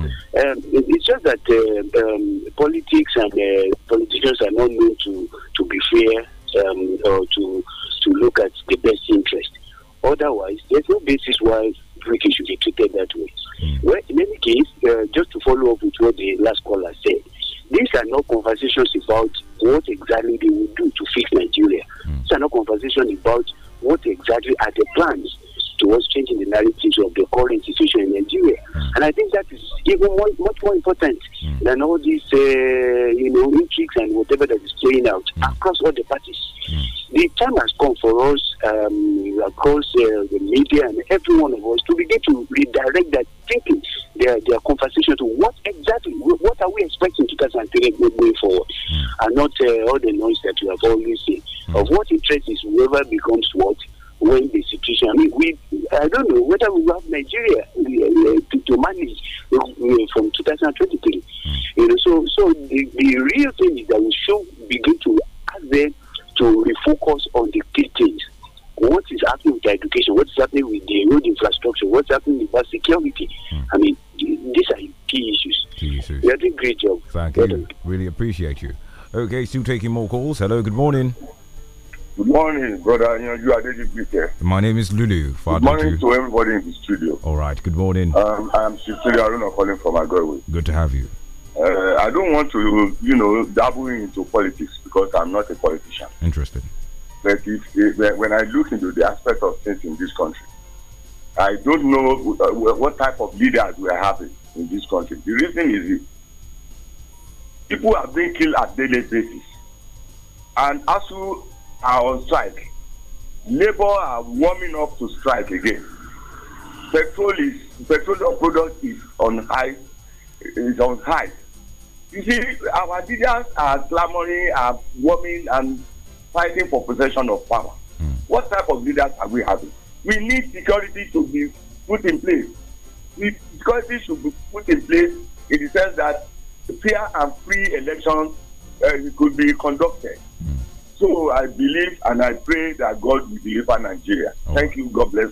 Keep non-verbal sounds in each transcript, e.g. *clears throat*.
Mm. Um, it's just that uh, um, politics and uh, politicians are not known to, to be fair um, or to, to look at the best interest. Otherwise, there's no basis why Ricky should be treated that way. Mm. Well, in any case, uh, just to follow up with what the last caller said, these are not conversations about more, much more important mm. than all these, uh, you know, kicks and whatever that is playing out hmm. across all the appreciate you. Okay, still taking more calls. Hello, good morning. Good morning, brother. You know, you are David Peter. My name is Lulu. Good morning to everybody in the studio. All right, good morning. Um, I'm Cecilia Aruna calling from Agorewe. Good to have you. Uh, I don't want to, you know, dabble into politics because I'm not a politician. Interesting. But if, if, when I look into the aspect of things in this country, I don't know uh, what type of leaders we are having in this country. The reason is people are being killed at daily basis. And as we are on strike. Labour are warming up to strike again. Petrol is petroleum product is on high is on high. You see, our leaders are clamoring, are warming and fighting for possession of power. Hmm. What type of leaders are we having? We need security to be put in place. We, security should be put in place in the sense that fair and free elections uh, eh, could be conducted. So I believe and I pray that God will deliver Nigeria. Oh. Thank you. God bless.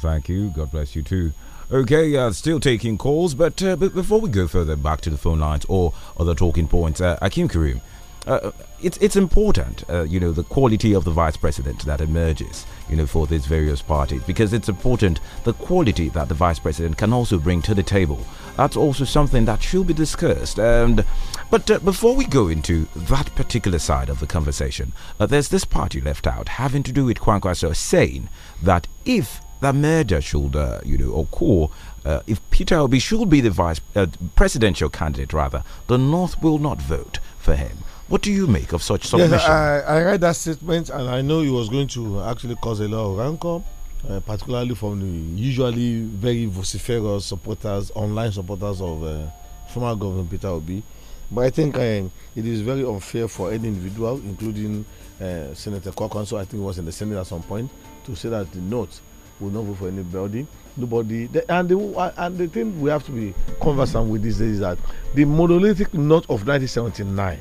thank you. God bless you too. Okay, uh, still taking calls, but, uh, but before we go further back to the phone lines or other talking points, uh, Akim Karim, uh, it's it's important, uh, you know, the quality of the vice president that emerges you know, for these various parties because it's important the quality that the vice president can also bring to the table. That's also something that should be discussed. And but uh, before we go into that particular side of the conversation, uh, there's this party left out having to do with Kwankwaso saying that if the murder should, uh, you know, occur, uh, if Peter Obi should be the vice uh, presidential candidate, rather, the North will not vote for him. What do you make of such submission? Yes, I, I read that statement and I know it was going to actually cause a lot of rancor. Uh, particularly from the usually very vociferous supporters, online supporters of uh, former Governor Peter Obi. But I think um, it is very unfair for any individual, including uh, Senator Corcoran, so I think he was in the Senate at some point, to say that the note will not vote for anybody. Nobody. and, the, and the thing we have to be conversant with these days is that the monolithic note of 1979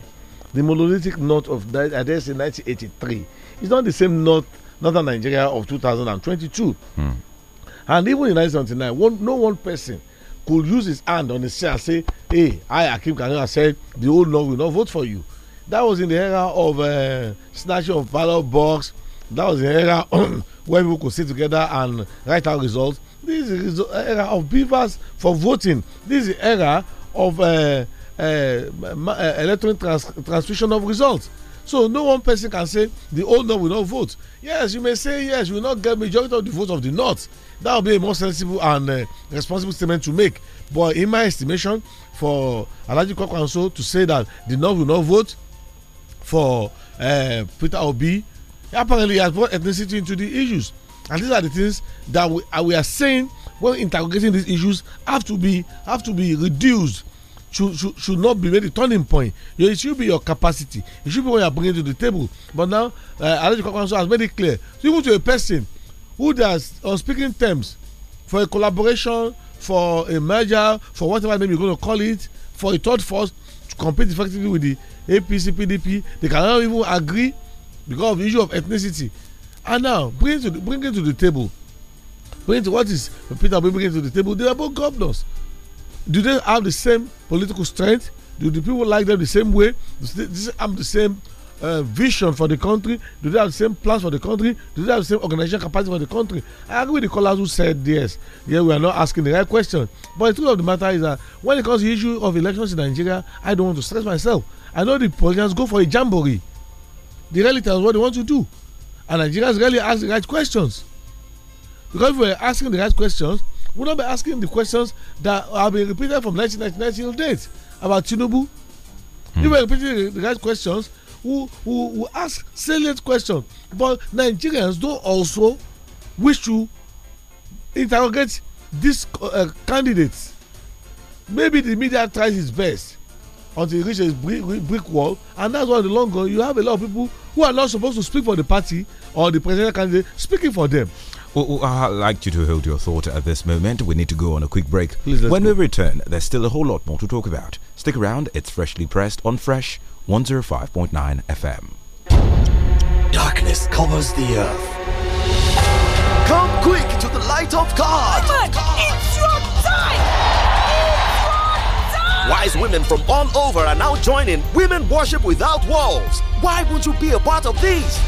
the monolithic north of I guess in 1983 is not the same north northern Nigeria of 2022. Hmm. And even in 1979, one, no one person could use his hand on his chair and say, "Hey, I Akim Kanuga said the old north will not vote for you." That was in the era of uh, snatching of ballot box. That was the era *clears throat* where people could sit together and write out results. This is the era of beavers for voting. This is the era of uh, Eh, eh, electronic trans transmission of results. So no one person can say the old north will not vote. Yes, you may say yes, you will not get majority of the votes of the north. That would be a more sensible and uh, responsible statement to make. But in my estimation, for Alaji council to say that the north will not vote for uh, Peter Obi, apparently has brought ethnicity into the issues. And these are the things that we, uh, we are saying when interrogating these issues have to be have to be reduced should, should, should not be really turning point. It should be your capacity. It should be what you are bringing to the table. But now, uh, Alejo Kwankwaso has made it clear. So even to a person who does on speaking terms for a collaboration, for a merger, for whatever name you're going to call it, for a third force to compete effectively with the APC, PDP, they cannot even agree because of the issue of ethnicity. And now, bring it to the, bring it to the table. Bring it to what is Peter bringing to the table? They are both governors. do they have the same political strength? Do the people like them the same way? Do they have the same uh, vision for the country? Do they have the same plans for the country? Do they have the same organizational capacity for the country? I agree with the callers who said yes. Yeah, we are not asking the right question. But the truth of the matter is that when it comes to the issue of elections in Nigeria, I don't want to stress myself. I know the politicians go for a jamboree. The tell us what they want to do. And Nigerians really ask the right questions. Because if we are asking the right questions, will not be asking the questions that have been repeated from 1999 till date about Tinubu. Mm. You were repeating the right questions. Who, who, who ask salient questions, but Nigerians don't also wish to interrogate these uh, candidates. Maybe the media tries its best until it reaches brick, brick wall, and that's why in the long run you have a lot of people who are not supposed to speak for the party or the presidential candidate speaking for them. I'd like you to hold your thought at this moment. We need to go on a quick break. Please, when go. we return, there's still a whole lot more to talk about. Stick around, it's freshly pressed on Fresh 105.9 FM. Darkness covers the earth. Come quick to the light of God. it's your time. It's your time. Wise women from all over are now joining Women Worship Without Walls. Why won't you be a part of these?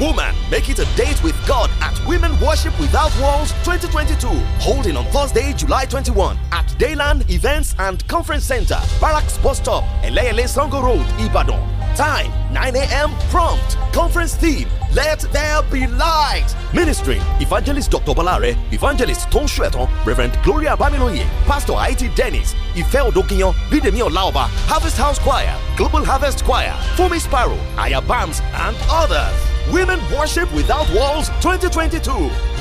Woman, make it a date with God at Women Worship Without Walls 2022, holding on Thursday, July 21 at Dayland Events and Conference Center, Barracks Bus Stop, Elele Sango Road, Ibadan. Time 9 a.m. prompt. Conference theme Let There Be Light. Ministry: Evangelist Dr. Balare, Evangelist Tom Shweton, Reverend Gloria Bamiloye, Pastor Haiti Dennis, Ife Odokinyo, Bidemi Lauba, Harvest House Choir, Global Harvest Choir, Fumi Sparrow, Ayabams, and others. Women Worship Without Walls 2022.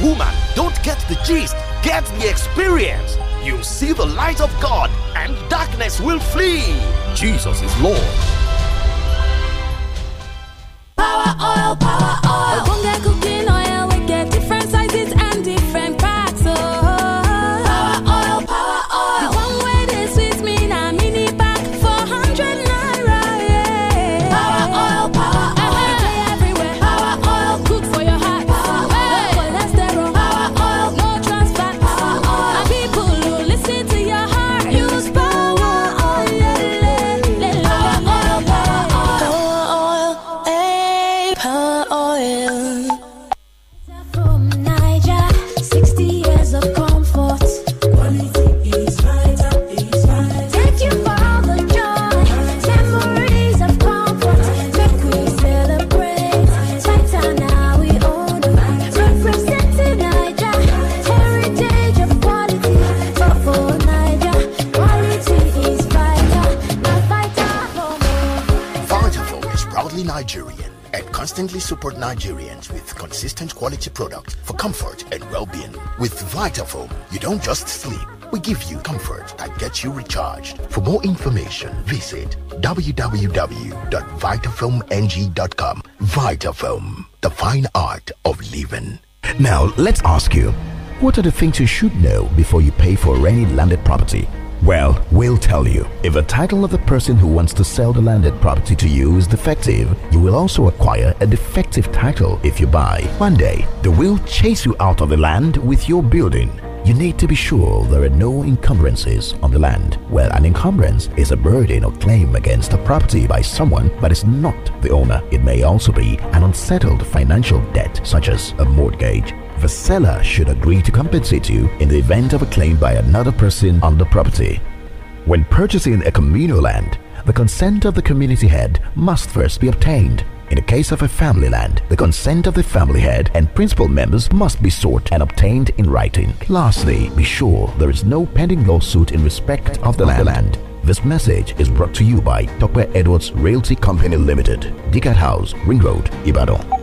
Woman, don't get the gist, get the experience. you see the light of God and darkness will flee. Jesus is Lord. Power oil, power oil. consistently support Nigerians with consistent quality products for comfort and well-being. With Vitafoam, you don't just sleep. We give you comfort that gets you recharged. For more information, visit www.vitafilmng.com. Vitafilm, the fine art of living. Now, let's ask you, what are the things you should know before you pay for any landed property? Well, we'll tell you. If the title of the person who wants to sell the landed property to you is defective, you will also acquire a defective title if you buy. One day, the will chase you out of the land with your building. You need to be sure there are no encumbrances on the land. Well, an encumbrance is a burden or claim against a property by someone but is not the owner. It may also be an unsettled financial debt such as a mortgage a seller should agree to compensate you in the event of a claim by another person on the property. When purchasing a communal land, the consent of the community head must first be obtained. In the case of a family land, the consent of the family head and principal members must be sought and obtained in writing. Lastly, be sure there is no pending lawsuit in respect of the land. This message is brought to you by Tokwe Edwards Realty Company Limited, Decat House, Ring Road, Ibadan.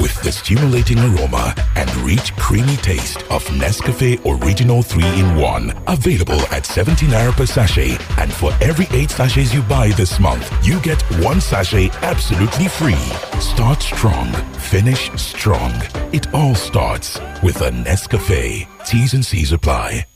with the stimulating aroma and rich creamy taste of Nescafe Original 3-in-1. Available at 17 naira per sachet. And for every 8 sachets you buy this month, you get 1 sachet absolutely free. Start strong, finish strong. It all starts with a Nescafe. T's and C's apply.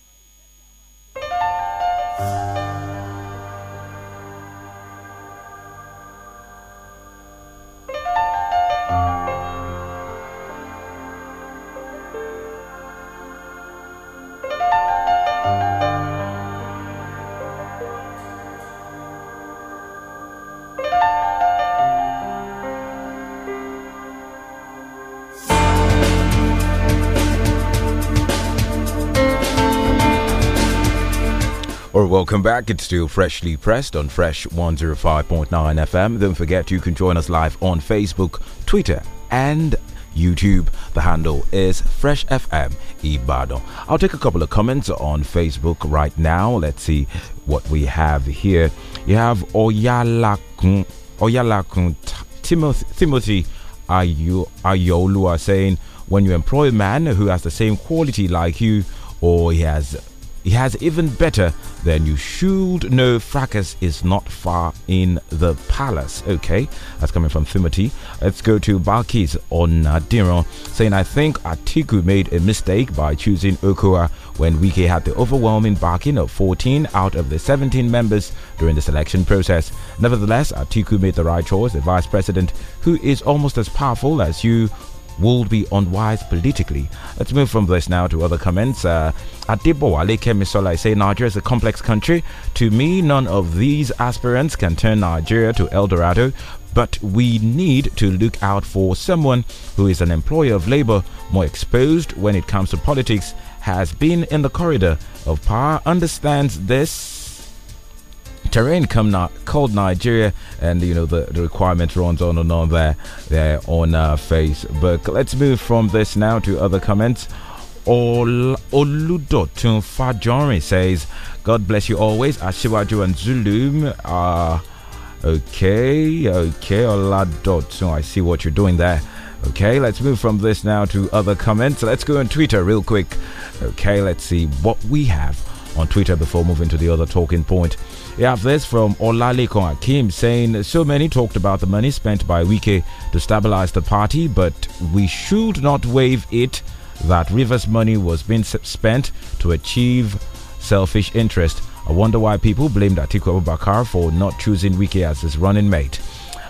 Welcome back. It's still freshly pressed on Fresh 105.9 FM. Don't forget you can join us live on Facebook, Twitter, and YouTube. The handle is Fresh FM Ibadan. I'll take a couple of comments on Facebook right now. Let's see what we have here. You have Oyalakun, Oyalakun Timothy, Timothy Ayo, Ayolua saying, When you employ a man who has the same quality like you, or he has he has even better than you should know. Fracas is not far in the palace. Okay, that's coming from Timothy. Let's go to Barkis on Nadiron saying, I think Atiku made a mistake by choosing Okoa when Wike had the overwhelming backing of 14 out of the 17 members during the selection process. Nevertheless, Atiku made the right choice, the vice president who is almost as powerful as you would be unwise politically. Let's move from this now to other comments. Uh, Adibowale I say Nigeria is a complex country. To me, none of these aspirants can turn Nigeria to El Dorado but we need to look out for someone who is an employer of labor more exposed when it comes to politics has been in the corridor of power understands this terrain come not cold Nigeria, and you know the, the requirement runs on and on there there on uh, Facebook. Let's move from this now to other comments. Ol- Oludotun Fajori says, "God bless you always." Ashiwaju and Zulum Uh, ah, Okay, okay, Oladot. I see what you're doing there. Okay, let's move from this now to other comments. Let's go on Twitter real quick. Okay, let's see what we have on Twitter before moving to the other talking point. We have this from Olalekan Akim saying, So many talked about the money spent by Wike to stabilize the party, but we should not waive it that Rivers' money was being spent to achieve selfish interest. I wonder why people blamed Atiku Abubakar for not choosing Wike as his running mate.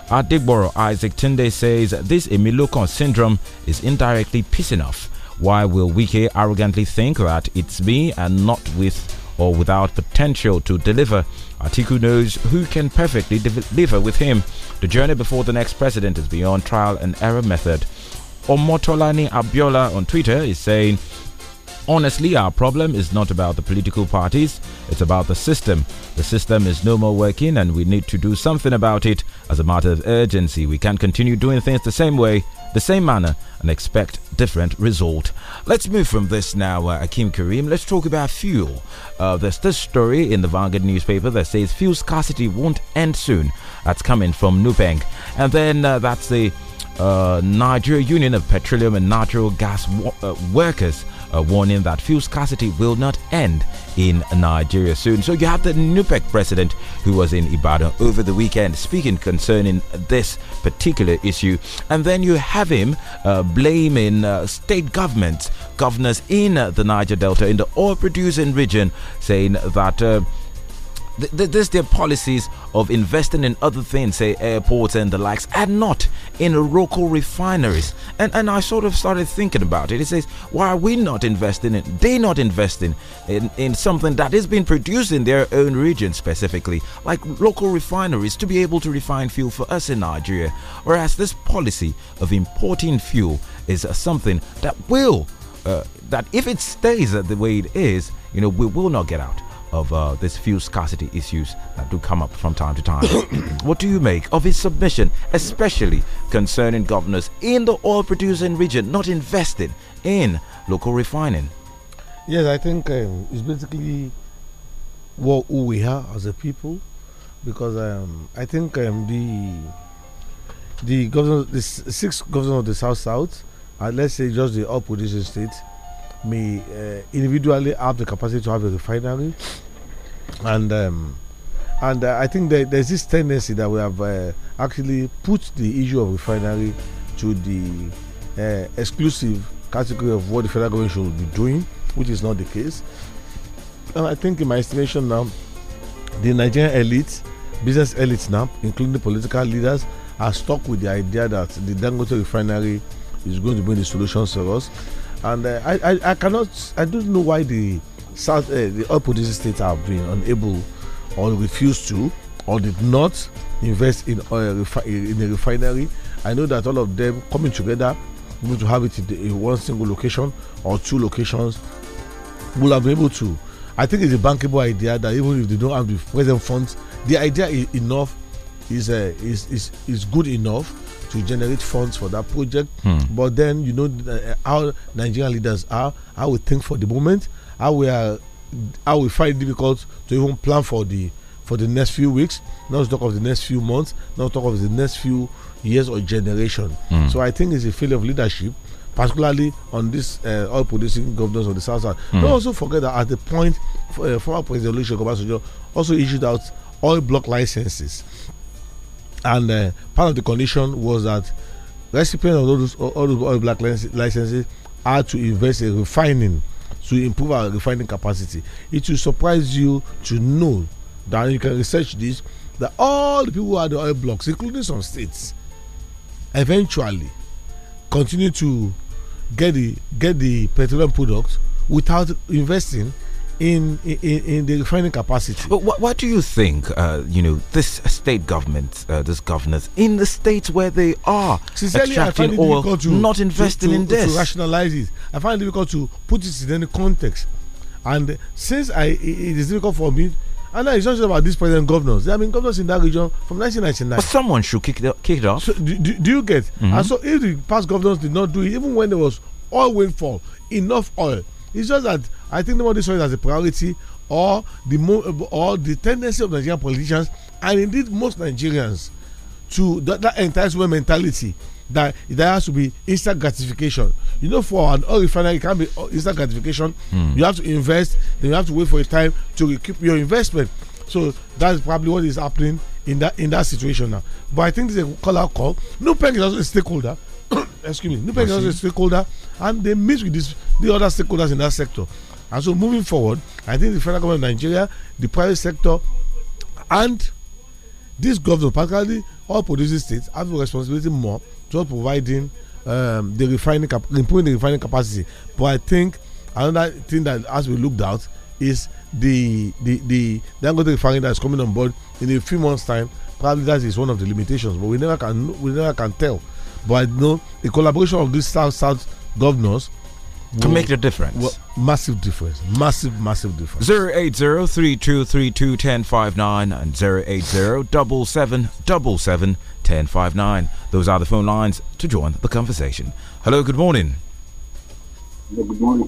At Digboro, Isaac Tunde says this Emilokon syndrome is indirectly pissing off. Why will Wike arrogantly think that it's me and not with or without potential to deliver Atiku knows who can perfectly deliver with him. The journey before the next president is beyond trial and error method. Omotolani Abiola on Twitter is saying, Honestly, our problem is not about the political parties, it's about the system. The system is no more working and we need to do something about it as a matter of urgency. We can't continue doing things the same way, the same manner, and expect different result. Let's move from this now, uh, Akim Karim. Let's talk about fuel. Uh, there's this story in the Vanguard newspaper that says fuel scarcity won't end soon. That's coming from Nubank. And then uh, that's the uh, Nigeria Union of Petroleum and Natural Gas wo- uh, Workers uh, warning that fuel scarcity will not end in Nigeria soon. So you have the NUPEC president who was in Ibadan over the weekend speaking concerning this particular issue. And then you have him uh, blaming uh, state governments, governors in uh, the Niger Delta, in the oil producing region, saying that uh, this their policies of investing in other things, say airports and the likes, and not in local refineries. And and I sort of started thinking about it. It says, why are we not investing in? They not investing in in something that is being produced in their own region specifically, like local refineries, to be able to refine fuel for us in Nigeria. Whereas this policy of importing fuel is something that will. Uh, that if it stays the way it is, you know, we will not get out of uh, these fuel scarcity issues that do come up from time to time. *coughs* what do you make of his submission, especially concerning governors in the oil producing region not investing in local refining? Yes, I think um, it's basically what who we are as a people, because um, I think um, the the governor, the six governors of the South South, and let's say just the oil producing states may uh, individually have the capacity to have a refinery, and um, and uh, I think that there's this tendency that we have uh, actually put the issue of refinery to the uh, exclusive category of what the federal government should be doing, which is not the case. And I think, in my estimation, now the Nigerian elites, business elites now, including the political leaders, are stuck with the idea that the Dangote refinery is going to bring the solutions for us and uh, I, I, I, cannot, I don't know why the South, uh, the oil producing states have been unable or refused to or did not invest in oil in a refinery. I know that all of them coming together, able to have it in, the, in one single location or two locations, will have been able to. I think it's a bankable idea that even if they don't have the present funds, the idea is enough is uh, is is is good enough to generate funds for that project. Hmm. But then you know uh, how Nigerian leaders are, how we think for the moment, how we are, how we find it difficult to even plan for the for the next few weeks. Not talk of the next few months. Not talk of the next few years or generation. Hmm. So I think it's a failure of leadership particularly on this uh, oil producing governors of the south side. Mm. Don't also forget that at the point, uh, former President Olusegun Obasanjo also issued out oil block licenses and uh, part of the condition was that recipients of all those all those oil black licenses had to invest in refining to improve our refining capacity. It will surprise you to know that you can research this that all the people who had the oil blocks, including some states, eventually continue to get the get the petroleum products without investing in in, in the refining capacity. But what, what do you think? Uh, you know, this state government, uh, this governors in the states where they are Sincerely, extracting oil, to, not investing to, to, in this, to rationalize it. I find it difficult to put it in any context. And since I, it is difficult for me and now it's not just about these present governors. There have been governors in that region from 1999. But someone should kick, it kick it off. So, do, do, do, you get? Mm -hmm. And so if the past governors did not do it, even when there was oil windfall, enough oil, it's just that I think nobody saw it as a priority or the or the tendency of Nigerian politicians and indeed most Nigerians to that, that entitlement mentality that there has to be instant gratification. You know, for an oil refinery, it can be uh, instant gratification. Mm. You have to invest, then you have to wait for a time to recoup your investment. So that's probably what is happening in that in that situation now. But I think this is a call out call. NUPEC is also a stakeholder. *coughs* Excuse me. NUPEC is also a stakeholder, and they meet with this, the other stakeholders in that sector. And so moving forward, I think the federal government of Nigeria, the private sector, and this government, particularly all producing states, have a responsibility more towards providing um, the refining, improving the refining capacity. But I think another thing that as we looked at, is the the the Dangote refinery that is coming on board in a few months' time. Probably that is one of the limitations, but we never can we never can tell. But I know the collaboration of these south south governors to make the difference. Well, massive difference. Massive, massive difference. 080-3232-1059 and 80 Those are the phone lines to join the conversation. Hello, good morning. good morning.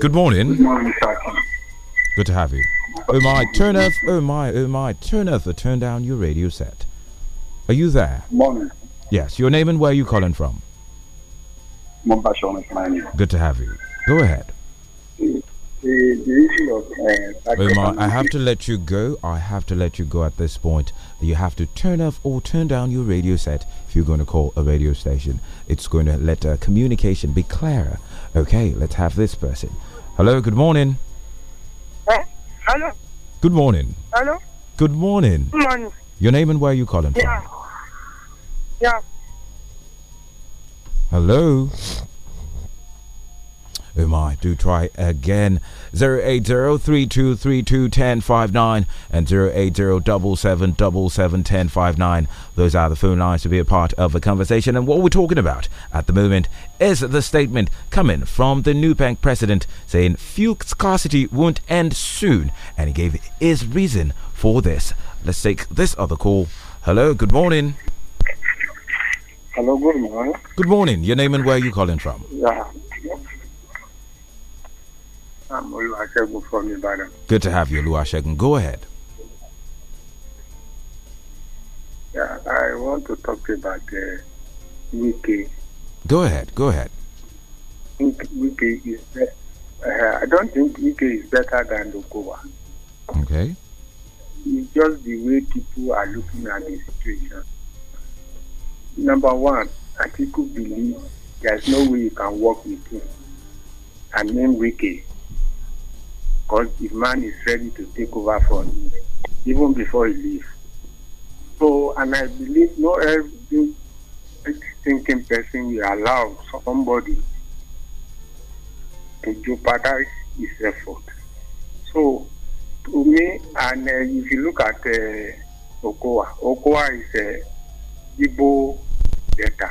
Good morning. Good to have you. Oh my, turn off, oh my, oh my, turn off or turn down your radio set. Are you there? Morning. Yes, your name and where you calling from? Good to have you. Go ahead. Uh, Omar, I have to let you go. I have to let you go at this point. You have to turn off or turn down your radio set if you're going to call a radio station. It's going to let uh, communication be clearer. Okay, let's have this person. Hello, good morning. hello. Good morning. Hello. Good morning. Good morning. Your name and where are you calling yeah. from? Yeah. Hello. Oh my, do try again. 08032321059 and 08077771059. Those are the phone lines to be a part of the conversation. And what we're talking about at the moment is the statement coming from the new bank president saying fuel scarcity won't end soon. And he gave his reason for this. Let's take this other call. Hello, good morning. Hello, good morning. Good morning. Your name and where are you calling from? Yeah. I'm from Ibadan. Good to have you, Oluwasegun. Go ahead. Yeah, I want to talk about the uh, UK. Go ahead. Go ahead. is uh, I don't think UK is better than Okowa. Okay. It's just the way people are looking at the situation. Number one, Atiku believes there's no way you can work with him. And mean, Wiki. Because the man is ready to take over for him, even before he leaves. So, and I believe no every thinking person will allow somebody to jeopardize his effort. So, to me, and uh, if you look at uh, Okoa, Okoa is a uh, better.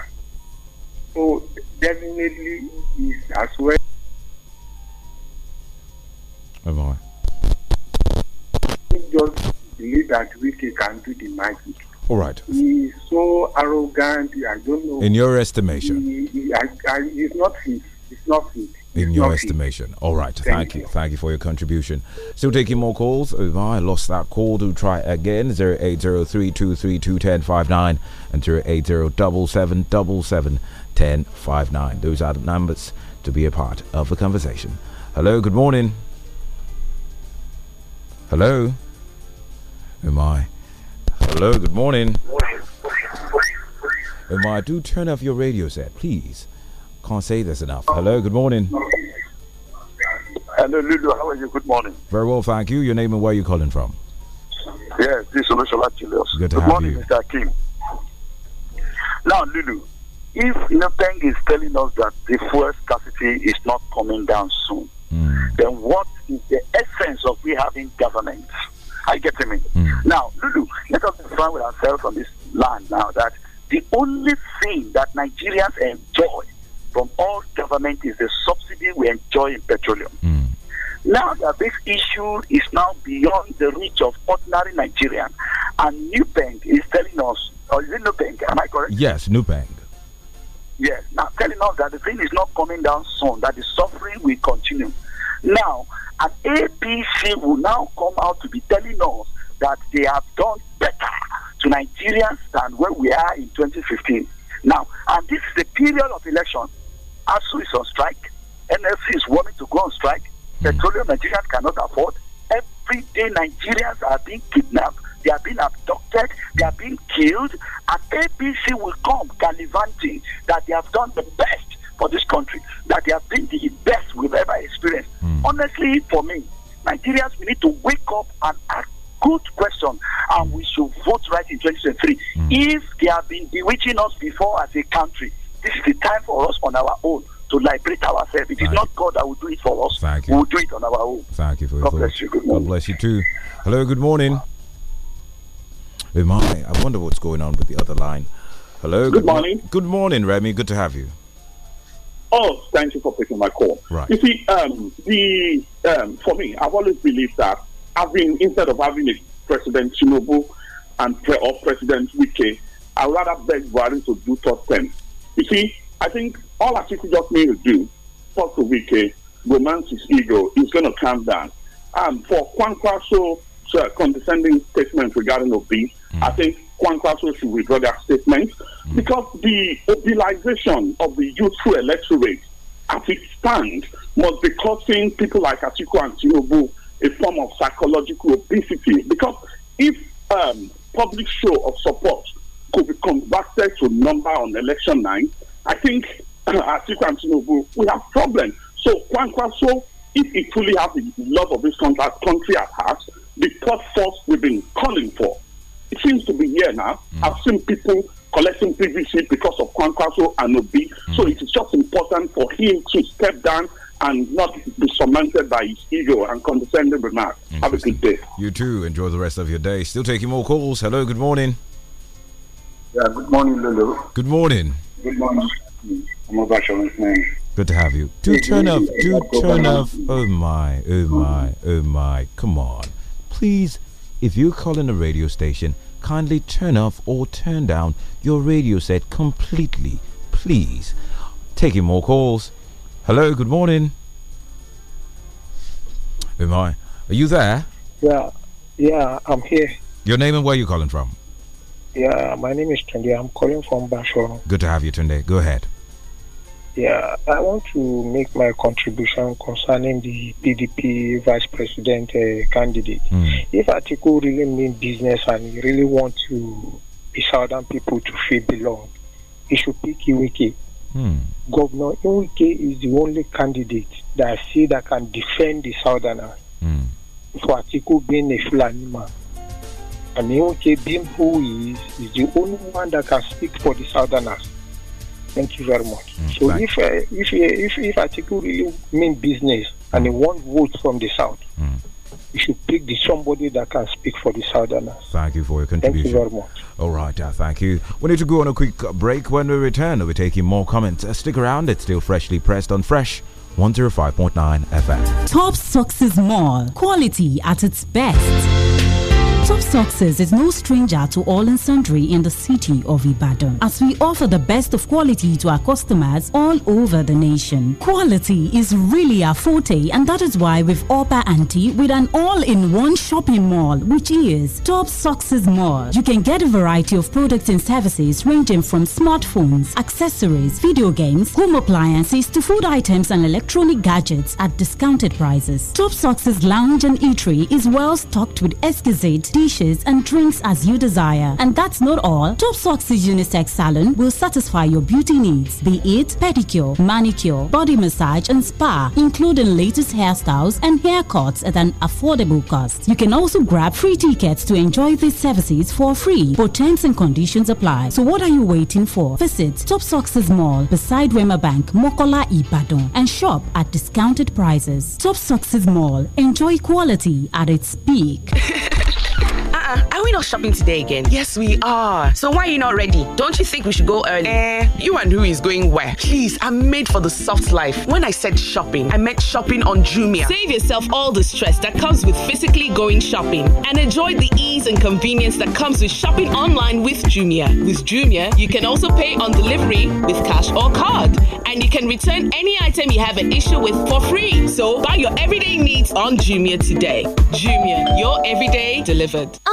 So definitely is as well. Ah bon, ouais. Just believe that Wiki can do the magic. All right. He's so arrogant. I don't know. In your estimation, he, he, I, I, he's not fit. He's not fit in your estimation. All right. Thank, Thank you. you. Thank you for your contribution. Still taking more calls. If I lost that call, do try again. 0803232159 and 08077771059. Those are the numbers to be a part of the conversation. Hello, good morning. Hello. Who am I? Hello, good morning. Am I? Do turn off your radio set, please. Can't say this enough. Hello, good morning. Hello, Lulu. How are you? Good morning. Very well, thank you. Your name and where you calling from? Yes, this is Olusola Good, good morning, you. Mr. King. Now, Lulu, if nothing is telling us that the fuel scarcity is not coming down soon, mm. then what is the essence of we having government? I get to me. Mm. Now, Lulu, let us be frank with ourselves on this land now that the only thing that Nigerians enjoy from all government is the subsidy we enjoy in petroleum. Mm. Now that this issue is now beyond the reach of ordinary Nigerians, and New Bank is telling us, or is it New Bank? Am I correct? Yes, New Bank. Yes, now telling us that the thing is not coming down soon, that the suffering will continue. Now, an APC will now come out to be telling us that they have done better to Nigerians than where we are in 2015. Now, and this is the period of election ASU is on strike. NLC is wanting to go on strike. Mm. Petroleum Nigerians cannot afford. Every day, Nigerians are being kidnapped. They are being abducted. They are being killed. And ABC will come gallivanting that they have done the best for this country, that they have been the best we've ever experienced. Mm. Honestly, for me, Nigerians, we need to wake up and ask good question and we should vote right in 2023. Mm. If they have been bewitching us before as a country, this is the time for us on our own to liberate ourselves. It Thank is not God that will do it for us. Thank you. We will do it on our own. Thank you for God bless you. Good morning. God bless you too. Hello. Good morning. Oh my, I wonder what's going on with the other line. Hello. Good, good morning. Mo good morning, Remy. Good to have you. Oh, thank you for picking my call. Right. You see, um, the um, for me, I've always believed that having instead of having a President Tinubu and pre or President Wike, I'd rather beg Buhari to do top ten you see, I think all Atiku just need to do, talk to Wike, romance his ego, he's going to calm down. Um, for Kwankwa so, condescending statement regarding Obi, mm. I think Kwankwa so should withdraw that statement mm. because the mobilization of the youthful electorate as it stands must be causing people like Atiku and Tinubu a form of psychological obesity because if um, public show of support could be converted to number on election night, I think *clears throat* as you we have problems. So Kwankwaso, if he truly has the love of this country at heart, the third force we've been calling for, it seems to be here now. Mm. I've seen people collecting PVC because of Kwankwaso and Obi. Mm. So it is just important for him to step down and not be surmounted by his ego and condescending remarks. Have a good day. You too. Enjoy the rest of your day. Still taking more calls. Hello, good morning. Yeah, good morning, Lulu. Good morning. Good morning. I'm Obasha name. Good to have you. Do turn off. Do turn off. Oh my. Oh my. Oh my. Come on. Please, if you call in a radio station, kindly turn off or turn down your radio set completely. Please. Taking more calls. Hello. Good morning. Oh my. Are you there? Yeah. Yeah, I'm here. Your name and where you calling from? Yeah, my name is Tunde. I'm calling from Bashono. Good to have you, Tunde. Go ahead. Yeah, I want to make my contribution concerning the PDP vice president uh, candidate. Mm. If Atiku really mean business and he really want to be southern people to feel belong, he should pick Iwike. Mm. Governor Iwike is the only candidate that I see that can defend the southerners. Mm. For Atiku being a Fulani man. Anioche Bim, who is, is the only one that can speak for the Southerners. Thank you very much. Mm, so if, uh, if, uh, if, if Atiku really mean business and he mm. wants votes from the South, mm. you should pick the somebody that can speak for the Southerners. Thank you for your contribution. Thank you very much. All right, uh, thank you. We need to go on a quick break. When we return, we'll be taking more comments. Uh, stick around, it's still freshly pressed on Fresh. 105.9 FM. Top Success Mall. Quality at its best. Top success is no stranger to all and sundry in the city of Ibadan, as we offer the best of quality to our customers all over the nation. Quality is really our forte, and that is why we've upped ante with an all-in-one shopping mall, which is Top Success Mall. You can get a variety of products and services ranging from smartphones, accessories, video games, home appliances to food items and electronic gadgets at discounted prices. Top Success Lounge and Eatery is well stocked with exquisite dishes, and drinks as you desire. And that's not all. Top Soxy's unisex salon will satisfy your beauty needs, be it pedicure, manicure, body massage, and spa, including latest hairstyles and haircuts at an affordable cost. You can also grab free tickets to enjoy these services for free, but terms and conditions apply. So what are you waiting for? Visit Top Soxy's Mall beside Wema Bank, Mokola Ibadan, and shop at discounted prices. Top Soxy's Mall. Enjoy quality at its peak. *laughs* Uh-uh. Are we not shopping today again? Yes, we are. So why are you not ready? Don't you think we should go early? Eh, you and who is going where? Please, I'm made for the soft life. When I said shopping, I meant shopping on Jumia. Save yourself all the stress that comes with physically going shopping and enjoy the ease and convenience that comes with shopping online with Jumia. With Jumia, you can also pay on delivery with cash or card. And you can return any item you have an issue with for free. So buy your everyday needs on Jumia today. Jumia, your everyday delivered.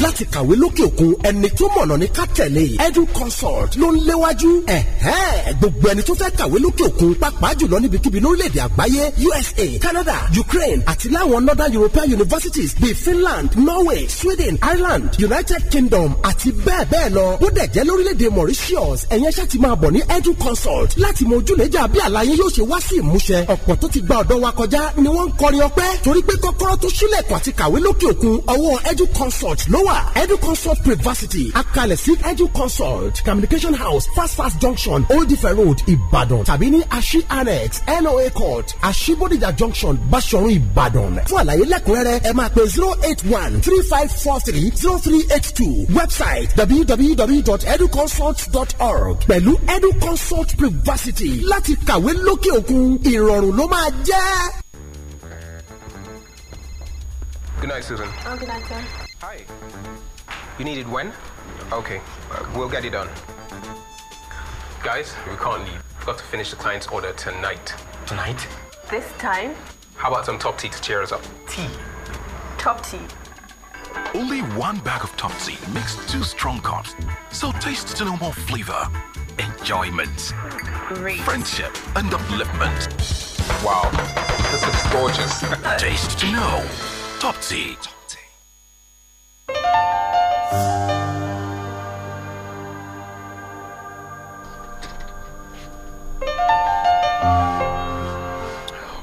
láti kàwé lókè òkun ẹni tó mọ̀nà ní ká tẹ̀lé edu consult ló ń léwájú ẹ̀hẹ́n gbogbo ẹni tó fẹ́ kàwé lókè òkun pàápàá jùlọ níbikíbi lórílẹ̀‐èdè àgbáyé USA Canada Ukraine àti láwọn northern European universities bíi Finland Norway Sweden Ireland United Kingdom àti bẹ́ẹ̀ bẹ́ẹ̀ lọ bó dẹ̀ jẹ́ lórílẹ̀‐èdè Mauritius ẹ̀yẹn ṣá ti máa bọ̀ ní edu consult láti mọ ojúlẹ̀jà bí àlàyé yóò ṣe wá sí ìmúṣẹ ọ̀pọ̀ tó ti gba ọ̀dọ́ wa kọjá ni wọ́n ń kọrin ọpẹ́ torí pé kọ́kọ́rọ́ tó ṣílẹ̀kùn àti kàwé lókè òkun ọwọ́ edu consult ló wà wà edu consult privacy akalẹ̀ Street, edu consult communication house fast fast junction old ife road Ibadan. tàbí ní ashi annex noa court ashibodija junction basọ̀run Ibadan. fún àlàyé lẹ́kùnrẹ́rẹ́ ẹ máa pè zero eight one three five four three zero three eight two website www.educonsult.org pẹ̀lú edu consult privacy láti kàwé lókè òkun ìrọ̀rùn ló máa jẹ́. Good night, Susan. Oh, good night, sir. Hi. You need it when? Okay, uh, we'll get it done. Guys, we can't leave. We've got to finish the client's order tonight. Tonight? This time? How about some top tea to cheer us up? Tea. Top tea. Only one bag of top tea makes two strong cups. So taste to know more flavor, enjoyment, Great. friendship, and upliftment. Wow, this is gorgeous. taste to know. Top tea.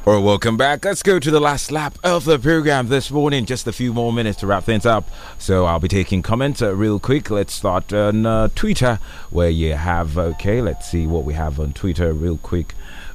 Well, welcome back. Let's go to the last lap of the program this morning. Just a few more minutes to wrap things up. So I'll be taking comments uh, real quick. Let's start on uh, Twitter, where you have okay. Let's see what we have on Twitter real quick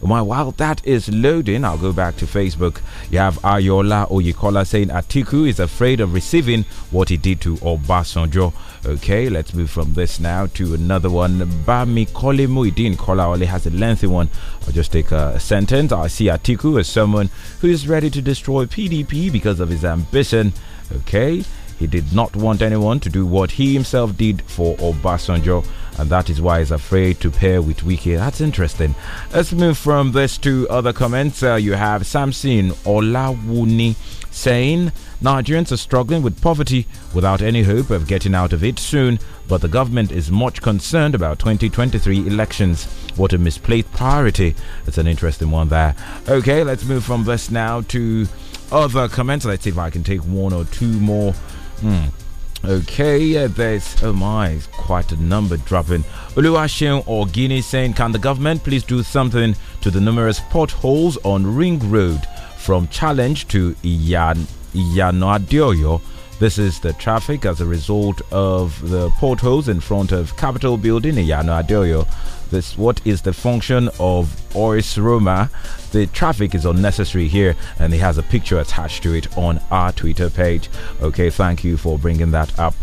while that is loading, I'll go back to Facebook. You have Ayola Oyikola saying Atiku is afraid of receiving what he did to Obasanjo. Okay, let's move from this now to another one. Bami Kole Muidin oley has a lengthy one. I'll just take a sentence. I see Atiku as someone who is ready to destroy PDP because of his ambition. Okay. He did not want anyone to do what he himself did for Obasanjo, and that is why he's afraid to pair with Wiki. That's interesting. Let's move from this to other comments. Uh, you have Samson Olawuni saying Nigerians are struggling with poverty without any hope of getting out of it soon, but the government is much concerned about 2023 elections. What a misplaced priority. It's an interesting one there. Okay, let's move from this now to other comments. Let's see if I can take one or two more. Hmm. Okay, there's oh my, quite a number dropping. Oluwaseun Ogini saying, "Can the government please do something to the numerous potholes on Ring Road from Challenge to Iyan Iyanoadioyo?" This is the traffic as a result of the potholes in front of Capitol Building Iyanoadioyo this what is the function of Oris Roma. The traffic is unnecessary here, and it has a picture attached to it on our Twitter page. Okay, thank you for bringing that up.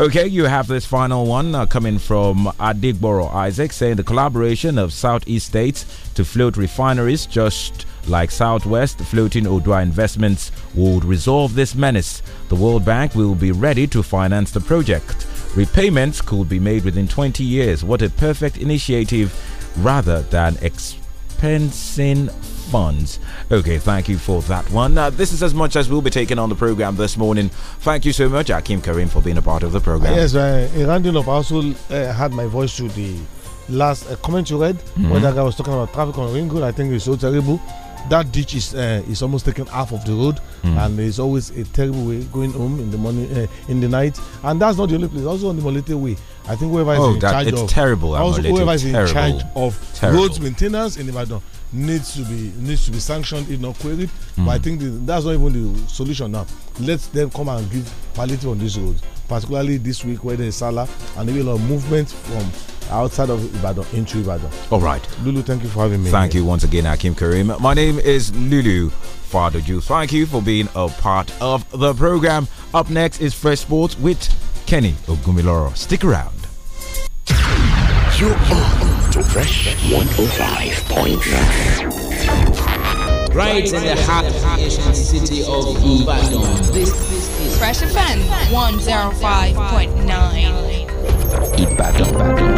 Okay, you have this final one uh, coming from Adigboro Isaac saying the collaboration of Southeast states to float refineries just like Southwest floating Odwa investments would resolve this menace. The World Bank will be ready to finance the project. Repayments could be made within 20 years. What a perfect initiative rather than expensing funds. Okay, thank you for that one. Uh, this is as much as we'll be taking on the program this morning. Thank you so much, Akim Karim, for being a part of the program. Yes, uh, rounding up, I also uh, had my voice to the last uh, comment you read mm -hmm. where that guy was talking about traffic on Ring Road. I think it's so terrible that ditch is uh, is almost taking half of the road, mm. and there's always a terrible way going home in the morning, uh, in the night, and that's not the only place. Also on the Molete Way, I think whoever is oh, in that, charge it's of terrible. Also Molete, whoever is in charge of terrible. roads maintenance in Ibadan needs to be needs to be sanctioned if not queried. Mm. But hmm. I think the, that's not even the solution now. Let them come and give quality on these roads, particularly this week where there is Salah and there a lot of movement from outside of Ibadan, into Ibadan. All right. Lulu, thank you for having me. Thank here. you once again, Akim Karim. My name is Lulu Fadoju. Thank you for being a part of the program. Up next is Fresh Sports with Kenny Ogumiloro. Stick around. You are to Fresh 105.9. Right in the heart of the Asian city of Ibadan. This is Fresh Event 105.9. Ibadan. Ibadan.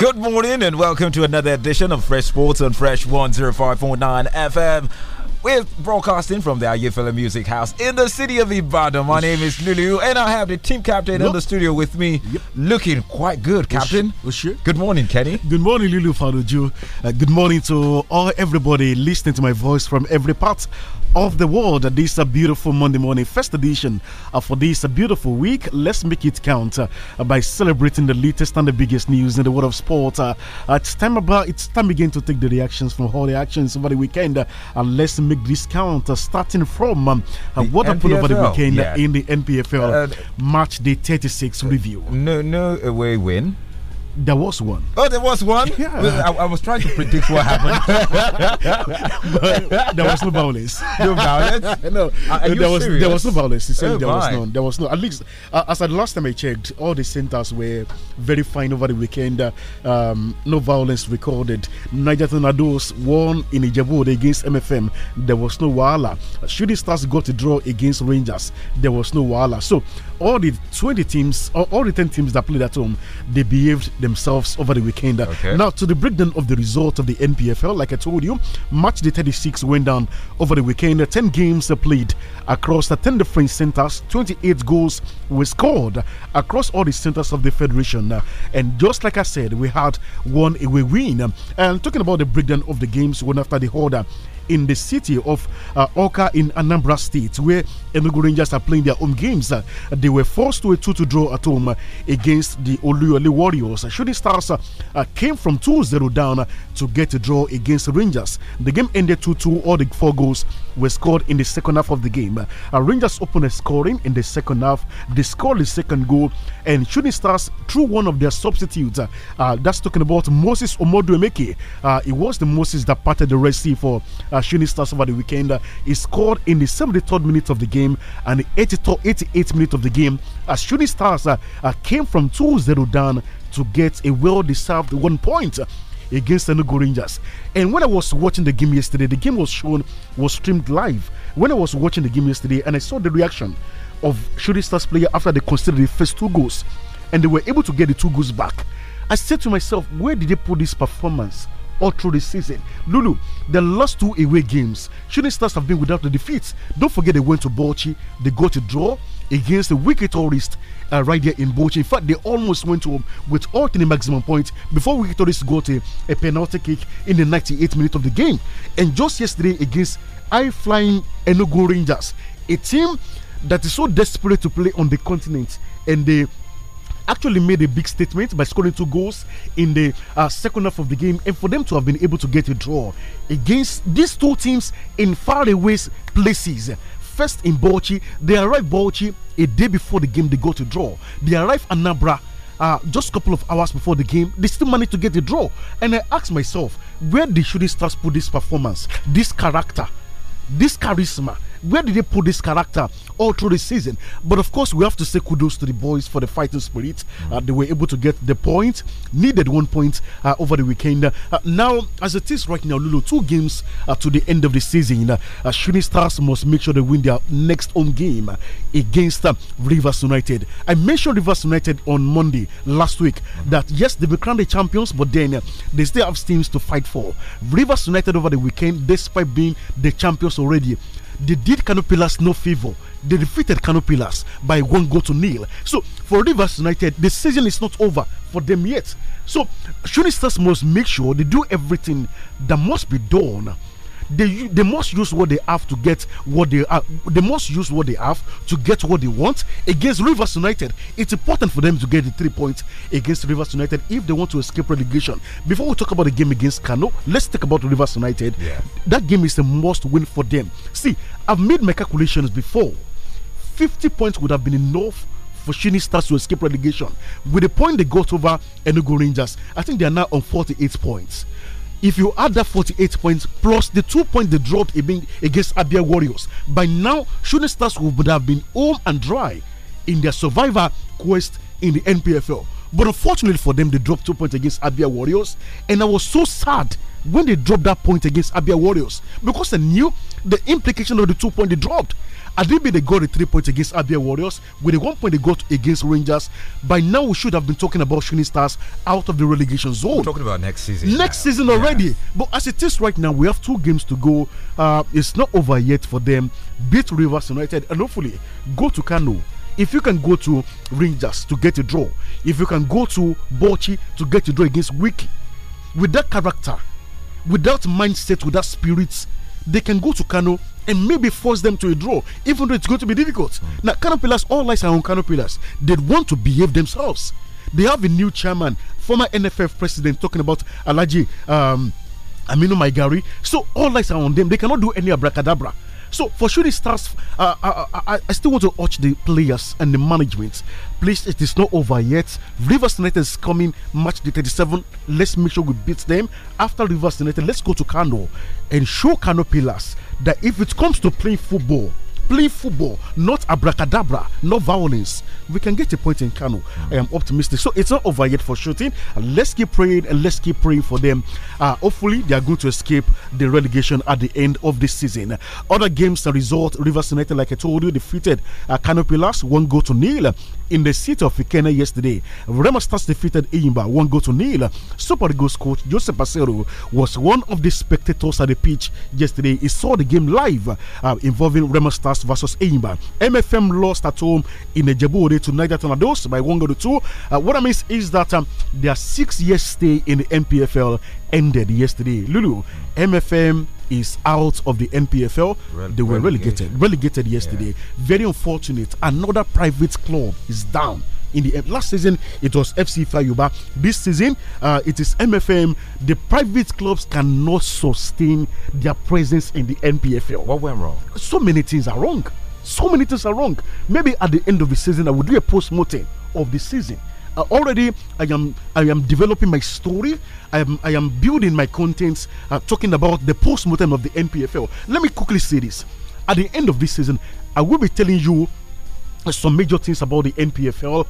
Good morning and welcome to another edition of Fresh Sports on Fresh 105.9 FM. We're broadcasting from the Ayefele Music House in the city of Ibadan. My name is Lulu, and I have the team captain yep. in the studio with me, yep. looking quite good, Captain. Good morning, Kenny. Good morning, Lulu Faruju. Uh, good morning to all everybody listening to my voice from every part of the world this a uh, beautiful Monday morning first edition uh, for this a uh, beautiful week. Let's make it count by celebrating the latest and the biggest news in the world of sport. it's time about it's time again to take the reactions from all the actions over the weekend, and let's make this count starting from um, what happened over the weekend yeah. in the NPFL uh, match day 36 uh, review. No, no away win there was one. Oh, there was one? Yeah. I, I was trying to predict what happened. *laughs* but there was no violence. No violence? no. Are, are there, was, serious? there was no violence. He said oh, there my. was none. There was no. At least, uh, as at the last time I checked, all the centers were very fine over the weekend. Uh, um, no violence recorded. Niger Tornadoes won in Ijebu against MFM. There was no wala. Shooting Stars got a draw against Rangers. There was no wala. So, all the 20 teams, all, all the 10 teams that played at home, they behaved themselves themselves over the weekend. Okay. Now, to the breakdown of the result of the NPFL, like I told you, match the 36 went down over the weekend. 10 games played across the 10 different centers, 28 goals were scored across all the centers of the federation. And just like I said, we had one away win. And talking about the breakdown of the games, one after the other, in the city of uh, Oka in Anambra State, where Enugu Rangers are playing their home games. Uh, they were forced to a 2 2 draw at home uh, against the Oluyole Warriors. Uh, Shooting Stars uh, uh, came from 2 0 down to get a draw against Rangers. The game ended 2 2, all the four goals were scored in the second half of the game. Uh, Rangers opened a scoring in the second half. They scored the second goal, and Shooting Stars through one of their substitutes. Uh, uh, that's talking about Moses Omoduemeke. Uh, it was the Moses that parted the Red Sea for uh, Shooting Stars over the weekend. Uh, he scored in the 73rd minute of the game and the 88th minute of the game. As Shooting Stars uh, came from 2-0 down to get a well-deserved one point against Enugu Rangers. And when I was watching the game yesterday, the game was shown, was streamed live. When I was watching the game yesterday and I saw the reaction of Shooting Stars player after they conceded the first two goals and they were able to get the two goals back, I said to myself, where did they put this performance all through the season? Lulu, the last two away games, Shooting Stars have been without the defeats. Don't forget they went to Bochi, they got a draw against the wicked tourist uh, right there in Bochi. In fact, they almost went home with all the maximum points before wicked tourist got a, a penalty kick in the 98th minute of the game. And just yesterday against high flying Enugu Rangers, a team that is so desperate to play on the continent and they actually made a big statement by scoring two goals in the uh, second half of the game. And for them to have been able to get a draw against these two teams in faraway places first in Bochi. They arrived Bochi a day before the game. They got a draw. They arrived Anabra uh, just a couple of hours before the game. They still managed to get a draw. And I asked myself, where did shooting stars put this performance, this character, this charisma? Where did they put this character all through the season? But of course, we have to say kudos to the boys for the fighting spirit. Mm. Uh, they were able to get the point, needed one point uh, over the weekend. Uh, now, as it is right now, Lulu, two games uh, to the end of the season. Uh, uh Stars must make sure they win their next home game uh, against Rivers United. I mentioned Rivers United on Monday last week mm. that yes, they became the champions, but then they still have teams to fight for. Rivers United over the weekend, despite being the champions already, they did Canopilas no favor. They defeated Canopilas by one goal to nil. So for Rivers United, the season is not over for them yet. So Shunistas must make sure they do everything that must be done they they must use what they have to get what they are. They must use what they have to get what they want against Rivers United. It's important for them to get the three points against Rivers United if they want to escape relegation. Before we talk about the game against Kano, let's talk about Rivers United. Yeah. That game is the must win for them. See, I've made my calculations before. 50 points would have been enough for Shini Stars to escape relegation. With the point they got over Enugu Rangers, I think they are now on 48 points if you add that 48 points plus the two points they dropped against Abia Warriors, by now Shooting Stars would have been home and dry in their survivor quest in the NPFL. But unfortunately for them, they dropped two points against Abia Warriors, and I was so sad when they dropped that point against Abia Warriors because I knew the implication of the two points they dropped. Adibi they got a three point against Abia Warriors with a one point they got against Rangers. By now we should have been talking about Shooting Stars out of the relegation zone. We're talking about next season. Next now. season already. Yeah. But as it is right now, we have two games to go. Uh, it's not over yet for them. Beat Rivers United and hopefully go to Kano if you can go to Rangers to get a draw, if you can go to Bochi to get a draw against Wiki, with that character, without mindset, without spirit, they can go to Kano and maybe force them to withdraw, even though it's going to be difficult. Mm. Now, Canopillas, all eyes are on Canopillas. They want to behave themselves. They have a new chairman, former NFF president, talking about Alaji um, Aminu Maigari. So, all eyes are on them. They cannot do any abracadabra. So for sure, this uh, I, uh, uh, uh, I, I, still want to urge the players and the management. Please, it is not over yet. Rivers United is coming match the 37. Let's make sure we beat them. After Rivers United, let's go to Kano and show Kano Pillars that if it comes to playing football, play football, not abracadabra, not violence, we can get a point in Kano. Mm. I am optimistic. So it's not over yet for shooting. Let's keep praying and let's keep praying for them. Uh, hopefully, they are going to escape the relegation at the end of this season. Other games the result Rivers United, like I told you, defeated uh, Kano Pillars, one go to nil in the city of Ikena yesterday. Remasters defeated Imba, one go to nil. Super Eagles coach Joseph Basero was one of the spectators at the pitch yesterday. He saw the game live uh, involving Remasters. Stars versus Eimba. MFM lost at home in Djibouti to Niger Tornadoes by one goal to two. Uh, what I mean is that um, their six-year stay in the MPFL ended yesterday. Lulu, MFM is out of the NPFL. Rel they were relegated, relegated yesterday. Yeah. Very unfortunate. Another private club is down in the last season it was FC Fayuba. This season uh, it is MFM. The private clubs cannot sustain their presence in the NPFL. What went wrong? So many things are wrong. So many things are wrong. Maybe at the end of the season I will do a post mortem of the season. Uh, already I am I am developing my story. I am I am building my contents. Uh, talking about the post mortem of the NPFL. Let me quickly say this. At the end of this season, I will be telling you some major things about the NPFL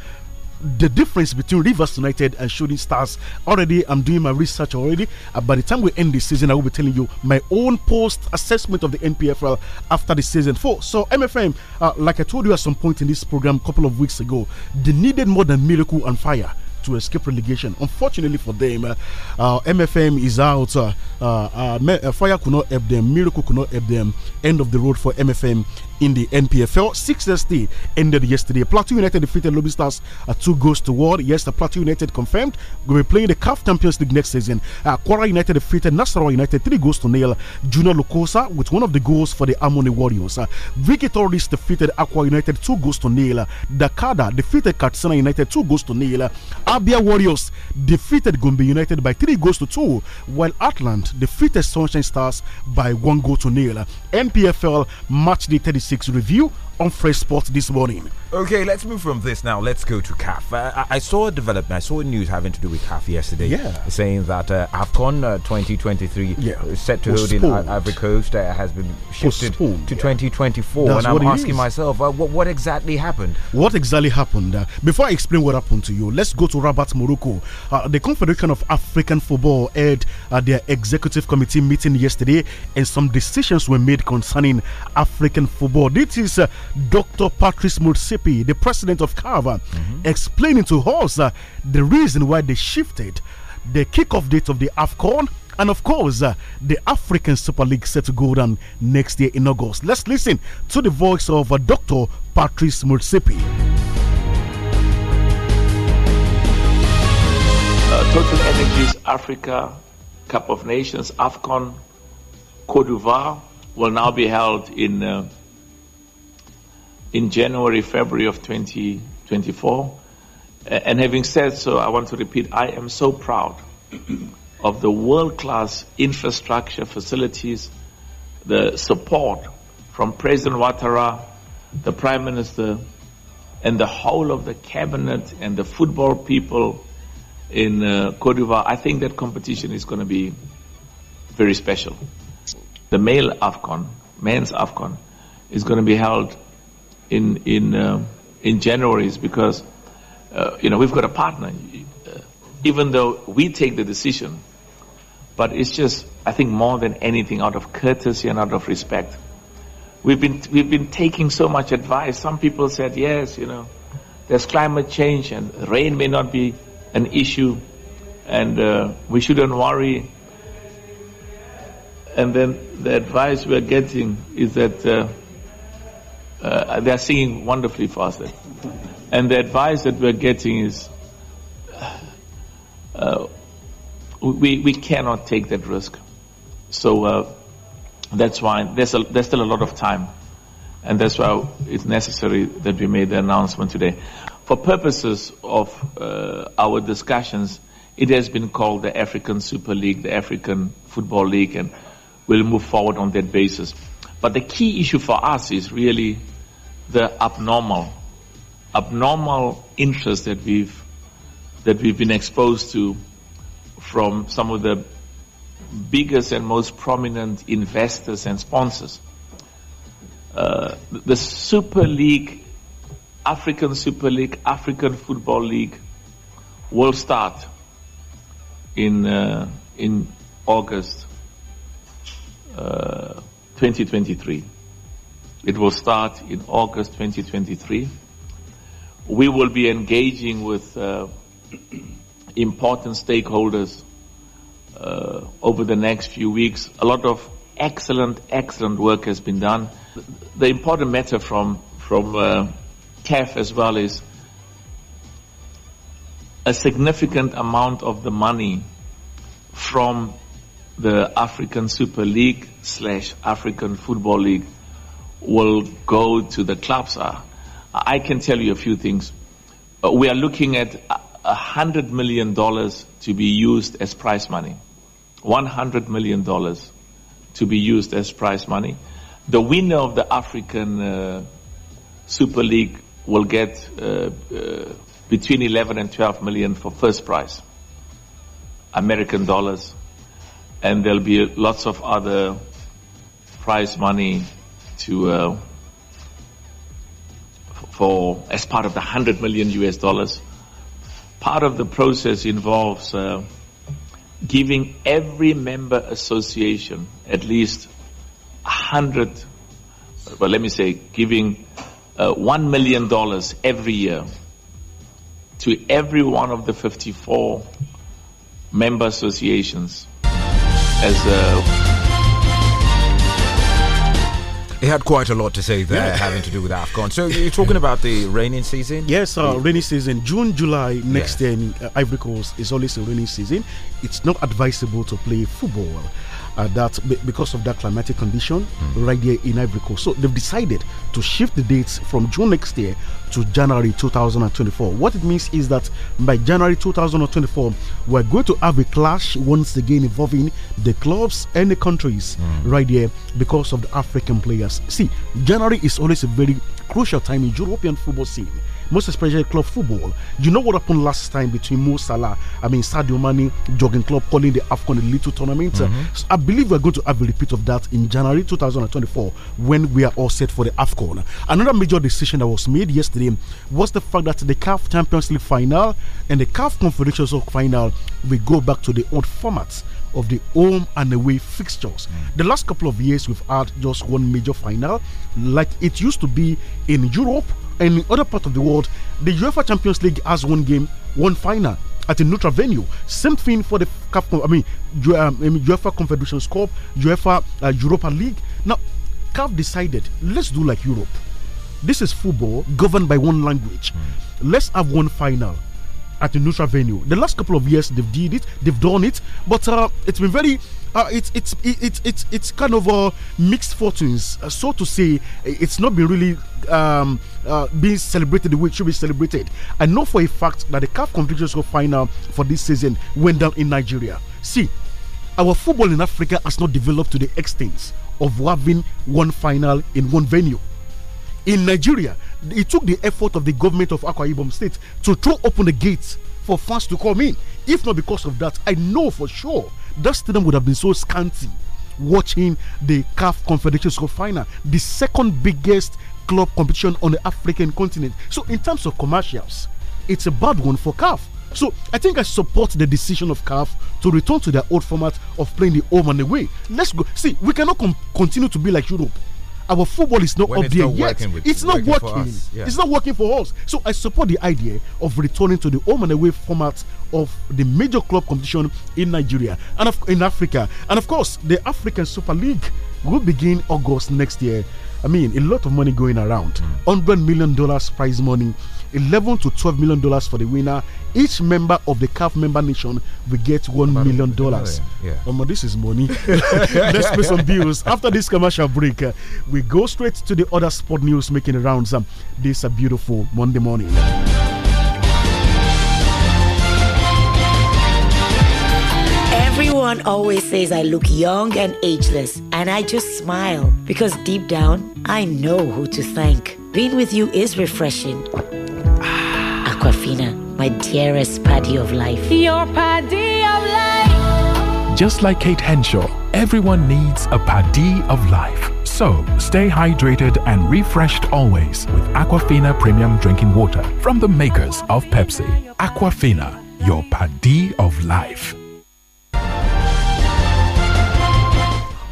the difference between Rivers United and Shooting Stars. Already, I'm doing my research already. Uh, by the time we end the season, I will be telling you my own post assessment of the NPFL after the season four. So, MFM, uh, like I told you at some point in this program a couple of weeks ago, they needed more than miracle and fire to escape relegation. Unfortunately for them, uh, uh, MFM is out. Uh, uh, uh, uh, fire could not help them. Miracle could not help them. End of the road for MFM in the NPFL. 6SD ended yesterday. Plateau United defeated Lobby Stars uh, two goals to one. Yes, the Plateau United confirmed will be playing the CAF Champions League next season. Uh, Quara United defeated Nasarawa United three goals to nil. Junior Lukosa with one of the goals for the Amoni Warriors. Uh, Vicky Torres defeated Aqua United two goals to nil. Dakada defeated Katsina United two goals to nil. Abia Warriors defeated Gombe United by three goals to two, while Atlant defeated Sunshine Stars by one goal to nil. NPFL match the 36 6 review on Fresh Sports this morning. Okay, let's move from this now. Let's go to CAF. Uh, I, saw a development, I saw news having to do with CAF yesterday. Yeah. Saying that uh, AFCON uh, 2023, yeah. Uh, set to hold in Ivory Coast, uh, has been shifted to yeah. 2024. That's and I'm asking is. myself, uh, what, what, exactly happened? What exactly happened? before I explain what happened to you, let's go to Rabat, Morocco. the Confederation of African Football held their executive committee meeting yesterday, and some decisions were made concerning African football. This is Dr. Patrice Mursipi, the president of Carver, mm -hmm. explaining to us uh, the reason why they shifted the kickoff date of the AFCON and of course uh, the African Super League set to go down next year in August. Let's listen to the voice of uh, Dr. Patrice Mursipi. Uh, Total Energies Africa Cup of Nations AFCON Cote d'Ivoire will now be held in uh, in January, February of 2024. And having said so, I want to repeat, I am so proud of the world-class infrastructure facilities, the support from President Ouattara, the Prime Minister, and the whole of the cabinet and the football people in uh, Cote d'Ivoire. I think that competition is going to be very special. The male AFCON, men's AFCON, is going to be held in in uh, in January is because uh, you know we've got a partner, uh, even though we take the decision, but it's just I think more than anything out of courtesy and out of respect. We've been we've been taking so much advice. Some people said yes, you know, there's climate change and rain may not be an issue, and uh, we shouldn't worry. And then the advice we're getting is that. Uh, uh, they are singing wonderfully fast. And the advice that we're getting is uh, we, we cannot take that risk. So uh, that's why there's, a, there's still a lot of time. And that's why it's necessary that we made the announcement today. For purposes of uh, our discussions, it has been called the African Super League, the African Football League, and we'll move forward on that basis. But the key issue for us is really the abnormal, abnormal interest that we've, that we've been exposed to from some of the biggest and most prominent investors and sponsors. Uh, the Super League, African Super League, African Football League will start in, uh, in August uh, 2023. It will start in August 2023. We will be engaging with uh, *clears throat* important stakeholders uh, over the next few weeks. A lot of excellent excellent work has been done. The important matter from CAF uh, as well is a significant amount of the money from the African Super League/African slash Football League will go to the clubs are. Uh, I can tell you a few things. Uh, we are looking at $100 million to be used as prize money. $100 million to be used as prize money. The winner of the African uh, Super League will get uh, uh, between 11 and 12 million for first prize, American dollars. And there'll be lots of other prize money to uh, for as part of the 100 million US dollars. Part of the process involves uh, giving every member association at least 100, well, let me say, giving uh, $1 million every year to every one of the 54 member associations as a uh, he had quite a lot to say there, yeah. having to do with AFCON. So you're talking about the rainy season? Yes, uh, rainy season, June, July next yeah. year in uh, Ivory Coast is always a rainy season. It's not advisable to play football uh, that because of that climatic condition mm. right there in Ivory Coast. So they've decided to shift the dates from June next year to January 2024. What it means is that by January 2024, we're going to have a clash once again involving the clubs and the countries mm. right there because of the African players. See, January is always a very crucial time in European football scene most especially club football. You know what happened last time between Mo Salah, I mean Sadio Mane, jogging club calling the AFCON a little tournament. Mm -hmm. so I believe we're going to have a repeat of that in January 2024 when we are all set for the AFCON. Another major decision that was made yesterday was the fact that the CAF Champions League final and the CAF Confederations Cup final will go back to the old formats of the home and away fixtures. Mm. The last couple of years, we've had just one major final, like it used to be in Europe and in other parts of the world, the UEFA Champions League has one game, one final at a neutral venue. Same thing for the Cup. Um, I mean, UEFA Confederations Cup, UEFA uh, Europa League. Now, CAF decided, let's do like Europe. This is football governed by one language. Mm. Let's have one final at a neutral venue. The last couple of years, they've did it, they've done it, but uh, it's been very uh, it's it's it's it's it's kind of uh, mixed fortunes, uh, so to say. It's not been really um, uh, being celebrated the way it should be celebrated. I know for a fact that the CAF Confederations Cup final for this season went down in Nigeria. See, our football in Africa has not developed to the extent of having one final in one venue. In Nigeria, it took the effort of the government of Akwa Ibom State to throw open the gates for fans to come in. If not because of that, I know for sure that stadium would have been so scanty watching the CAF Confederation Cup final, the second biggest club competition on the African continent. So, in terms of commercials, it's a bad one for CAF. So, I think I support the decision of CAF to return to their old format of playing the home and away. Let's go. See, we cannot continue to be like Europe our football is not when up there yet. With, it's not working. working. Yeah. It's not working for us. So I support the idea of returning to the home and away format of the major club competition in Nigeria and in Africa. And of course, the African Super League will begin August next year. I mean, a lot of money going around. Mm. $100 million prize money 11 to 12 million dollars for the winner. Each member of the CAF member nation will get one About million dollars. Yeah. Um, this is money. *laughs* Let's pay some bills. After this commercial break, uh, we go straight to the other sport news making the rounds. Um, this is uh, a beautiful Monday morning. Everyone always says I look young and ageless, and I just smile because deep down, I know who to thank. Being with you is refreshing. Aquafina, my dearest paddy of life. Your paddy of life. Just like Kate Henshaw, everyone needs a paddy of life. So stay hydrated and refreshed always with Aquafina Premium Drinking Water from the makers of Pepsi. Aquafina, your paddy of life.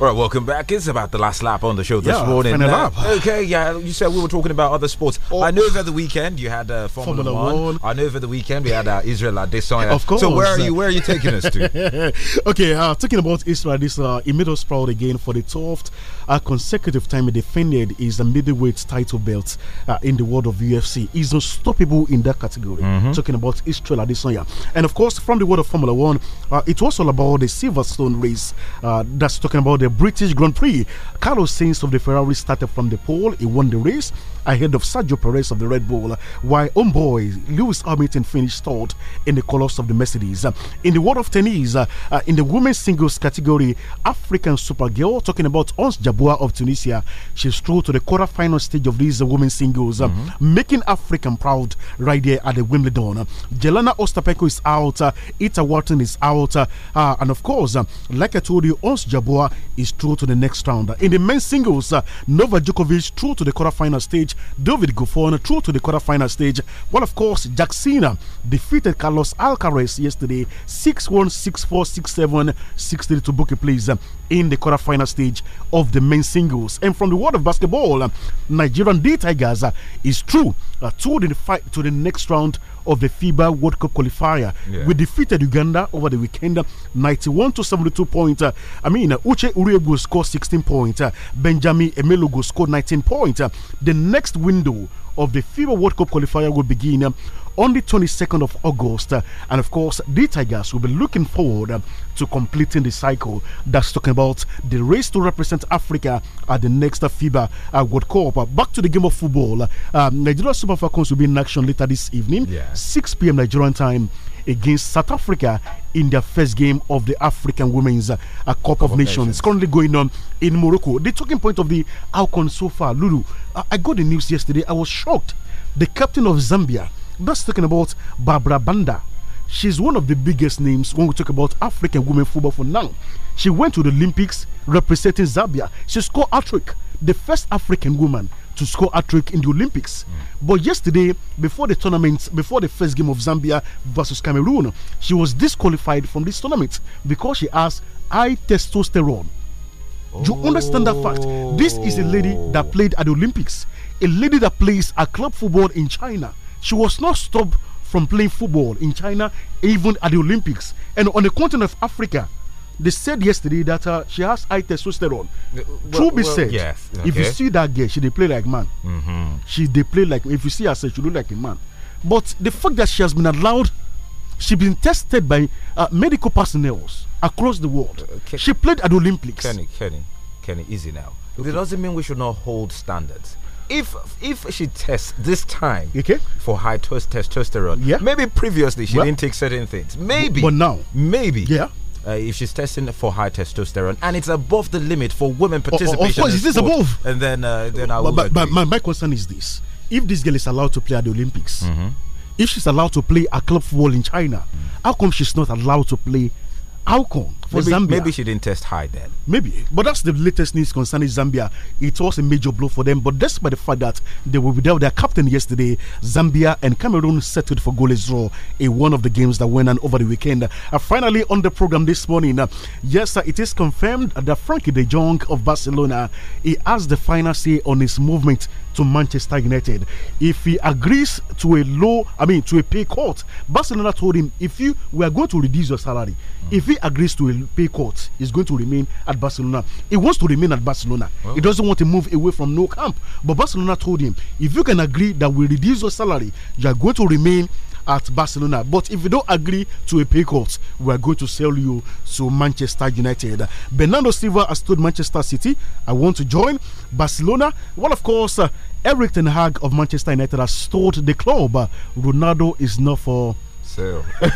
All right, welcome back. It's about the last lap on the show this yeah, morning. lap. Uh, *sighs* okay, yeah, you said we were talking about other sports. Oh. I know over the weekend you had uh, Formula, Formula One. One. I know over the weekend we had uh, Israel Adesanya. Of course. So where are you? Where are you taking us to? *laughs* okay, uh, talking about Israel Adesanya, he made us proud again for the 12th a consecutive time he defended his middleweight title belt uh, in the world of UFC. He's unstoppable in that category. Mm -hmm. Talking about Israel Adesanya. And of course, from the world of Formula One, uh, it was all about the Silverstone race. Uh, that's talking about the British Grand Prix. Carlos Sainz of the Ferrari started from the pole. He won the race ahead of Sergio Perez of the Red Bull, while homeboy Lewis Hamilton finished third in the colours of the Mercedes. In the world of tennis, uh, in the women's singles category, African Supergirl, talking about Ons Jabua of Tunisia, she's through to the quarterfinal stage of these uh, women's singles, mm -hmm. making African proud right there at the Wimbledon. Jelena Ostapenko is out, uh, Ita Wharton is out, uh, uh, and of course, like I told you, Ons Jabua is through to the next round. In the men's singles, Novak Djokovic through to the quarterfinal stage stage. David Buffon through to the quarterfinal stage. Well, of course, Jacksina defeated Carlos Alcaraz yesterday 6 1, 6 4, 6 7, 6 3 to book a place in the quarterfinal stage of the main singles. And from the world of basketball, Nigerian D Tigers is through uh, to the fight to the next round of the FIBA World Cup qualifier. Yeah. We defeated Uganda over the weekend, 91 to 72 points. Uh, I mean, uh, Uche Uriego scored 16 points. Uh, Benjamin Emelogo scored 19 points. Uh, the next window of the FIBA World Cup qualifier will begin on the 22nd of August. and of course, the Tigers will be looking forward to completing the cycle that's talking about the race to represent Africa at the next uh, FIBA World Cup. Uh, back to the game of football. Uh, um, Nigeria Super Falcons will be in action later this evening, yeah. 6 p.m. Nigerian time against South Africa in their first game of the African Women's uh, Cup, Cup, of, of Nations. Nations. currently going on in Morocco. The talking point of the Alcon so far, Lulu, I, I got the news yesterday. I was shocked. The captain of Zambia, that's talking about Barbara Banda. She's one of the biggest names when we talk about African women football for now. She went to the Olympics representing Zambia. She scored a trick, the first African woman to score a trick in the Olympics. Mm. But yesterday, before the tournament, before the first game of Zambia versus Cameroon, she was disqualified from this tournament because she has high testosterone. Oh. You understand that fact? This is a lady that played at the Olympics, a lady that plays a club football in China. She was not stopped from playing football in China, even at the Olympics. And on the continent of Africa, they said yesterday that uh, she has high testosterone. well, uh, True be well, said. Yes. Okay. If you see that girl, she they play like man. Mm -hmm. She they play like. If you see her, she look like a man. But the fact that she has been allowed, she's been tested by uh, medical personnel across the world. Uh, she played at Olympics. Kenny, Kenny, Kenny, easy now. Okay. It doesn't mean we should not hold standards if if she tests this time okay. for high testosterone, yeah. maybe previously she well, didn't take certain things. Maybe. But now. Maybe. Yeah uh, if she's testing for high testosterone and it's above the limit for women oh, oh, oh, participation. of course, it is above. And then, uh, then I will. But, but my, my question is this: If this girl is allowed to play at the Olympics, mm -hmm. if she's allowed to play a club football in China, mm -hmm. how come she's not allowed to play? How come? for maybe, Zambia. Maybe she didn't test high then. Maybe. But that's the latest news concerning Zambia. It was a major blow for them. But despite the fact that they were without their captain yesterday, Zambia and Cameroon settled for goalless draw in one of the games that went on over the weekend. Uh, finally, on the program this morning, uh, yes, uh, it is confirmed that Frankie de Jong of Barcelona he has the final say on his movement to Manchester United. If he agrees to a low, I mean, to a pay cut, Barcelona told him, if you we are going to reduce your salary, mm. if he agrees to a pay cut He's going to remain at Barcelona. He wants to remain at Barcelona. He doesn't want to move away from no camp. But Barcelona told him, if you can agree that we reduce your salary, you are going to remain at Barcelona. But if you don't agree to a pay cut, we are going to sell you to Manchester United. Bernardo Silva has told Manchester City, I want to join Barcelona. Well, of course, uh, Eric Ten Hag of Manchester United has told the club, uh, Ronaldo is not for. Uh, Sell. *laughs* they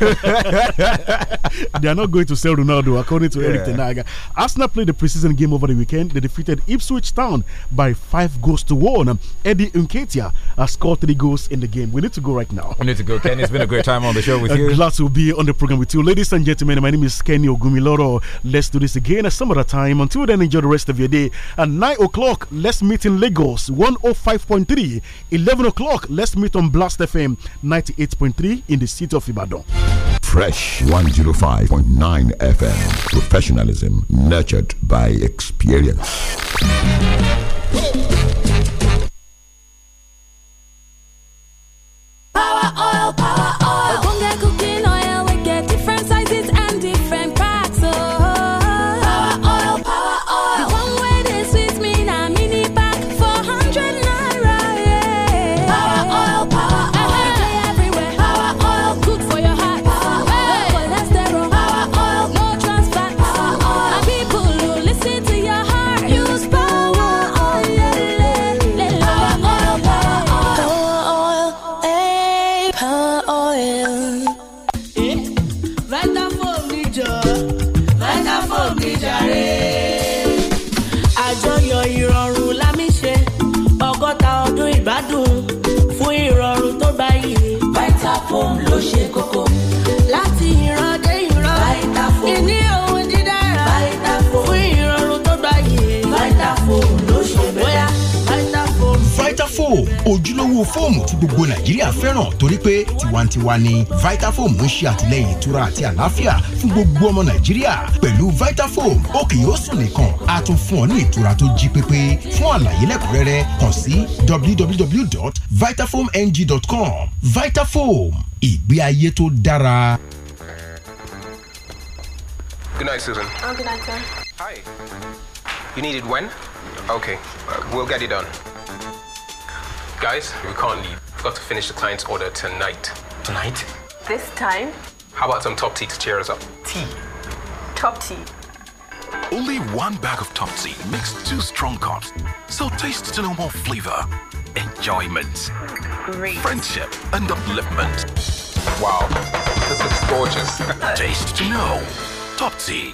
are not going to sell Ronaldo, according to yeah. Eric Tenaga. Arsenal played the preseason game over the weekend. They defeated Ipswich Town by five goals to one. Eddie Nketiah has scored three goals in the game. We need to go right now. We need to go, Ken. It's been a great time on the show with you. you. Glad to be on the program with you. Ladies and gentlemen, my name is Kenny Ogumiloro. Let's do this again at some other time. Until then, enjoy the rest of your day. At 9 o'clock, let's meet in Lagos, 105.3. 11 o'clock, let's meet on Blast FM, 98.3 in the city of of Ibadan. Fresh 105.9 FM. Professionalism nurtured by experience. ìnáwó fóòmù tí gbogbo nàìjíríà fẹ́ràn torí pé tiwantiwa ni vitafoam ń ṣe àtìlẹ́yìn ìtura àti àlàáfíà fún gbogbo ọmọ nàìjíríà pẹ̀lú vitafoam ó yóò sùn nìkan a tún fún ọ ní ìtura tó jí pépé fún àlàyé lẹ́kùnrẹ́rẹ́ kàn sí www.vitafoamng.com vitafoam ìgbé ayé tó dára. Good night, Susan. Oh, good night, sir. Hi. You needed when? Okay, uh, we'll get it done. Guys, we can't leave. We've got to finish the client's order tonight. Tonight? This time? How about some top tea to cheer us up? Tea. Top tea. Only one bag of top tea makes two strong cups. So taste to know more flavor, enjoyment, Great. friendship, and upliftment. Wow, this is gorgeous. taste to know. Top tea.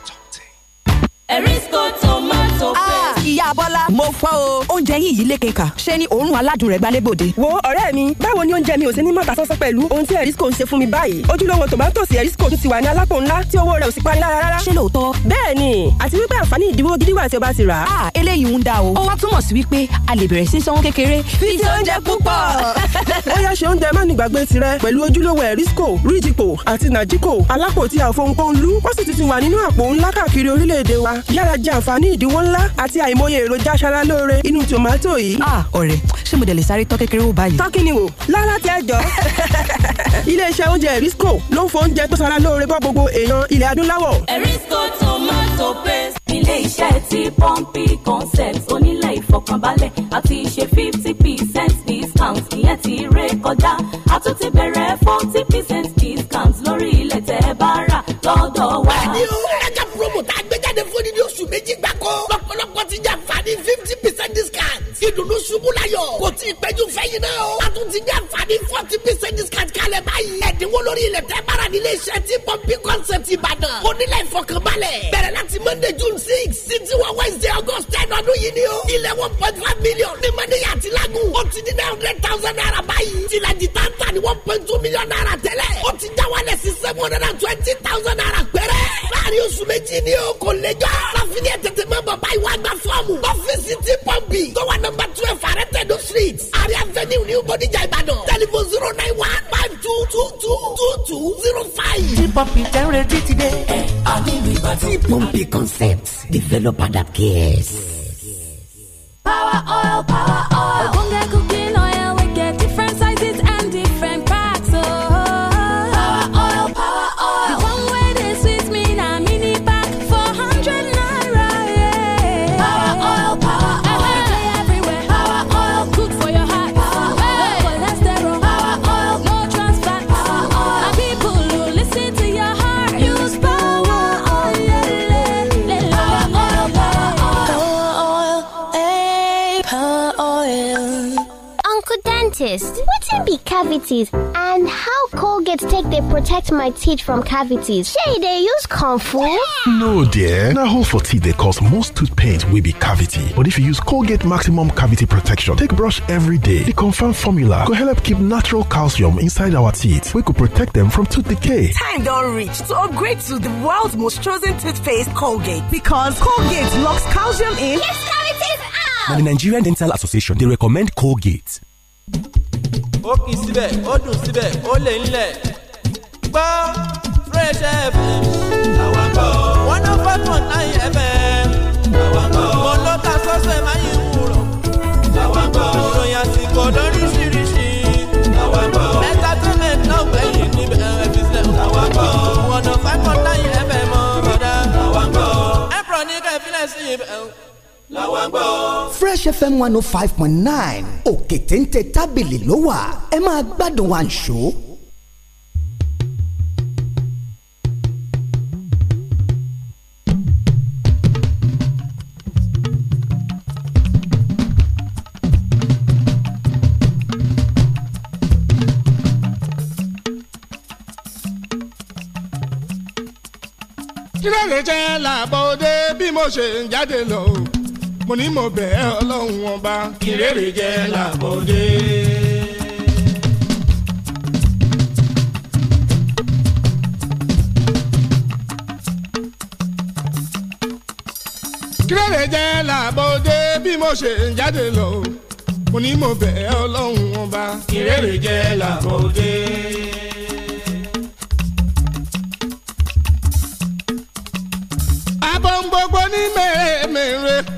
Erisco tomato ah, paste. Ìyá Bọ́lá, mo fọ́ o. Oúnjẹ yín yìí lékè kà. Ṣé ni òórùn aládùn rẹ̀ gbalẹ́bòde? Wo ọ̀rẹ́ mi, báwo ni oúnjẹ mi ò ṣe ní màtà sọ́sọ́ pẹ̀lú ohun tí Erisco ń ṣe fún mi báyìí? Ojúlówó tòmátòsì Erisco tún ti wà ní alápò ńlá tí owó rẹ̀ ò sì pani lára rárá. Ṣé lóòótọ́? Bẹ́ẹ̀ni, àti wípé àǹfààní ìdíwó gidi wà tí o bá ti rà. À ah, eléyìí ń da o. Ó wá túmọ̀ sí wípé a lè bẹ̀rẹ̀ sí sanwó kékeré. Fi ti oúnjẹ púpọ̀. *laughs* Ó yá ṣe oúnjẹ má nígbàgbé tirẹ̀ pẹ̀lú ojúlówó Erisco, Ríjìpò àti Nàjíkò. Alápò tí a ò ń lú. Ó sì ti ti wà nínú àpò ńlá káàkiri orílẹ̀-èdè wa dáadáa yára jẹ àǹfààní ìdínwó ńlá àti àìmọye èròjà aṣara lóore inú tòmátò yìí. a ọ̀rẹ́ ṣé mo dẹ̀ lè sáré tọ́ kékeré wò báyìí. tọ́kì ni wò lára tẹ́ jọ. *laughs* iléeṣẹ́ oúnjẹ Erisco ló ń fọ oúnjẹ tó ṣara lóore bọ́ gbogbo èèyàn ilẹ̀ adúláwọ̀. Erisco tomato paste ilé iṣẹ́ ti pọ́ǹpì concept onílẹ̀ ìfọkànbalẹ̀ àti ṣe fifty percent discount ìyẹn ti ré kọjá a ti bẹ̀rẹ̀ forty percent discount lórí ilẹ̀ tẹ́ bá rà lọ́dọ̀ wa. ẹni o ẹja promo tá a gbé jáde fún ni ní oṣù méjì gbáko lọ́pọ̀lọpọ̀ ti jẹ́ àǹfààní fifty percent discount ìdùnnú ṣubú láyọ̀ kò tí ì péjú fẹ́yìn náà o. a tún ti jẹ́ àǹfààní forty percent discount kalẹ̀ báyìí. ẹ̀dínwó lórí ilẹ̀ tẹ́ bára nílé iṣẹ́ tí pọ́ńpì concept ìbàdàn. onílẹ̀ ìfọkànbalẹ̀ bẹ̀rẹ̀ láti monday june six sí tiwọn wednesday august ten ọdún yìí ni o. ilẹ̀ one point five million ní mọ́níyà àti lágùn. ó ti di nine hundred thousand naira báyìí. tìlàjì tá one point two million naira tẹ́lẹ̀. ó ti já wálẹ̀ sí seven hundred and twenty thousand naira péré. láàrin oṣù méjì ni o kò lè jọ. láfíìlì tètè máa bọ̀ báyìí wá gba fọ́ọ̀mù. ọ́fíìsì ti pọ́ǹpì tó wà nọmba twelve àrẹ street àrẹ avenue ní bodijà ìbàdàn tẹlifon zero nine one five two two two two two zero five. ti pọ́ǹpì tẹ́ ń retí ti dé. ẹ àní ìbàdàn. ti pọ́ǹpì concept developer that cares. power oil power oil. be cavities and how Colgate take they protect my teeth from cavities? Say they use Kung No dear, na hold for teeth They cause most tooth pain will be cavity. But if you use Colgate maximum cavity protection take brush every day, the confirmed formula go help keep natural calcium inside our teeth We could protect them from tooth decay. Time don't reach to upgrade to the world's most chosen toothpaste Colgate because Colgate locks calcium in. Yes, cavities out! Now the Nigerian Dental Association they recommend Colgate. ó kì í síbẹ̀ ó dùn síbẹ̀ ó lè ń lẹ̀. gbọ́ fresh fm. àwa gbọ́. one oh five point nine fm. àwa gbọ́. mo ló ta sọ́sẹ̀ máa yí wúrọ̀. àwa gbọ́. ìròyìn àsìkò lóríṣiríṣi. àwa gbọ́. mẹ́ta náà gbẹ̀yìn níbẹ̀ ẹ̀ fi àwa gbọ́. one oh five point nine fm mọ́ àwa gbọ́. ẹ̀ ní kẹ́fílẹ̀ sí ibẹ̀ làwọn gbọ́. fresh fm one oh five point nine òkè téńté tábìlì ló wà ẹ máa gbádùn àǹṣó. kí jẹ́ làbọ̀ òde bí mo ṣe ń jáde lọ mo ní mo bẹ̀ ẹ́ ọlọ́run ọba. ìrèrè jẹ́ làbọ̀dé. kírèrè jẹ́ làbọ̀dé bí mo ṣe ń jáde lọ mo ní mo bẹ̀ ẹ́ ọlọ́run ọba. kírèrè jẹ́ làbọ̀dé. abọ́ ń gbogbo ní mèremère.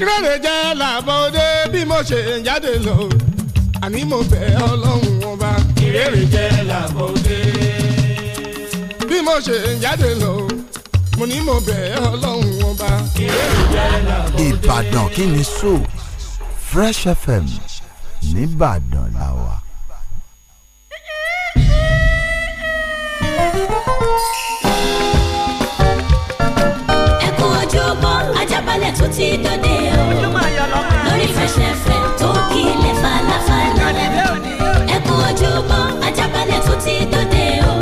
tírèrè jẹ́ làbọ̀dé bí mo ṣe ń jáde lọ àní mo bẹ̀ ọlọ́run ọba. tírèrè jẹ́ làbọ̀dé. bí mo ṣe ń jáde lọ mo ní mo bẹ̀ ọlọ́run ọba. tírèrè jẹ́ làbọ̀dé. Ìbàdàn kí ni so Fresh FM nìbàdàn làwà. ìròyìn tó ti dòde o lórí fẹsẹ̀fẹ̀ tó kílẹ̀ falafala ẹ kú ojúmọ́ ajábalẹ̀ tó ti dòde o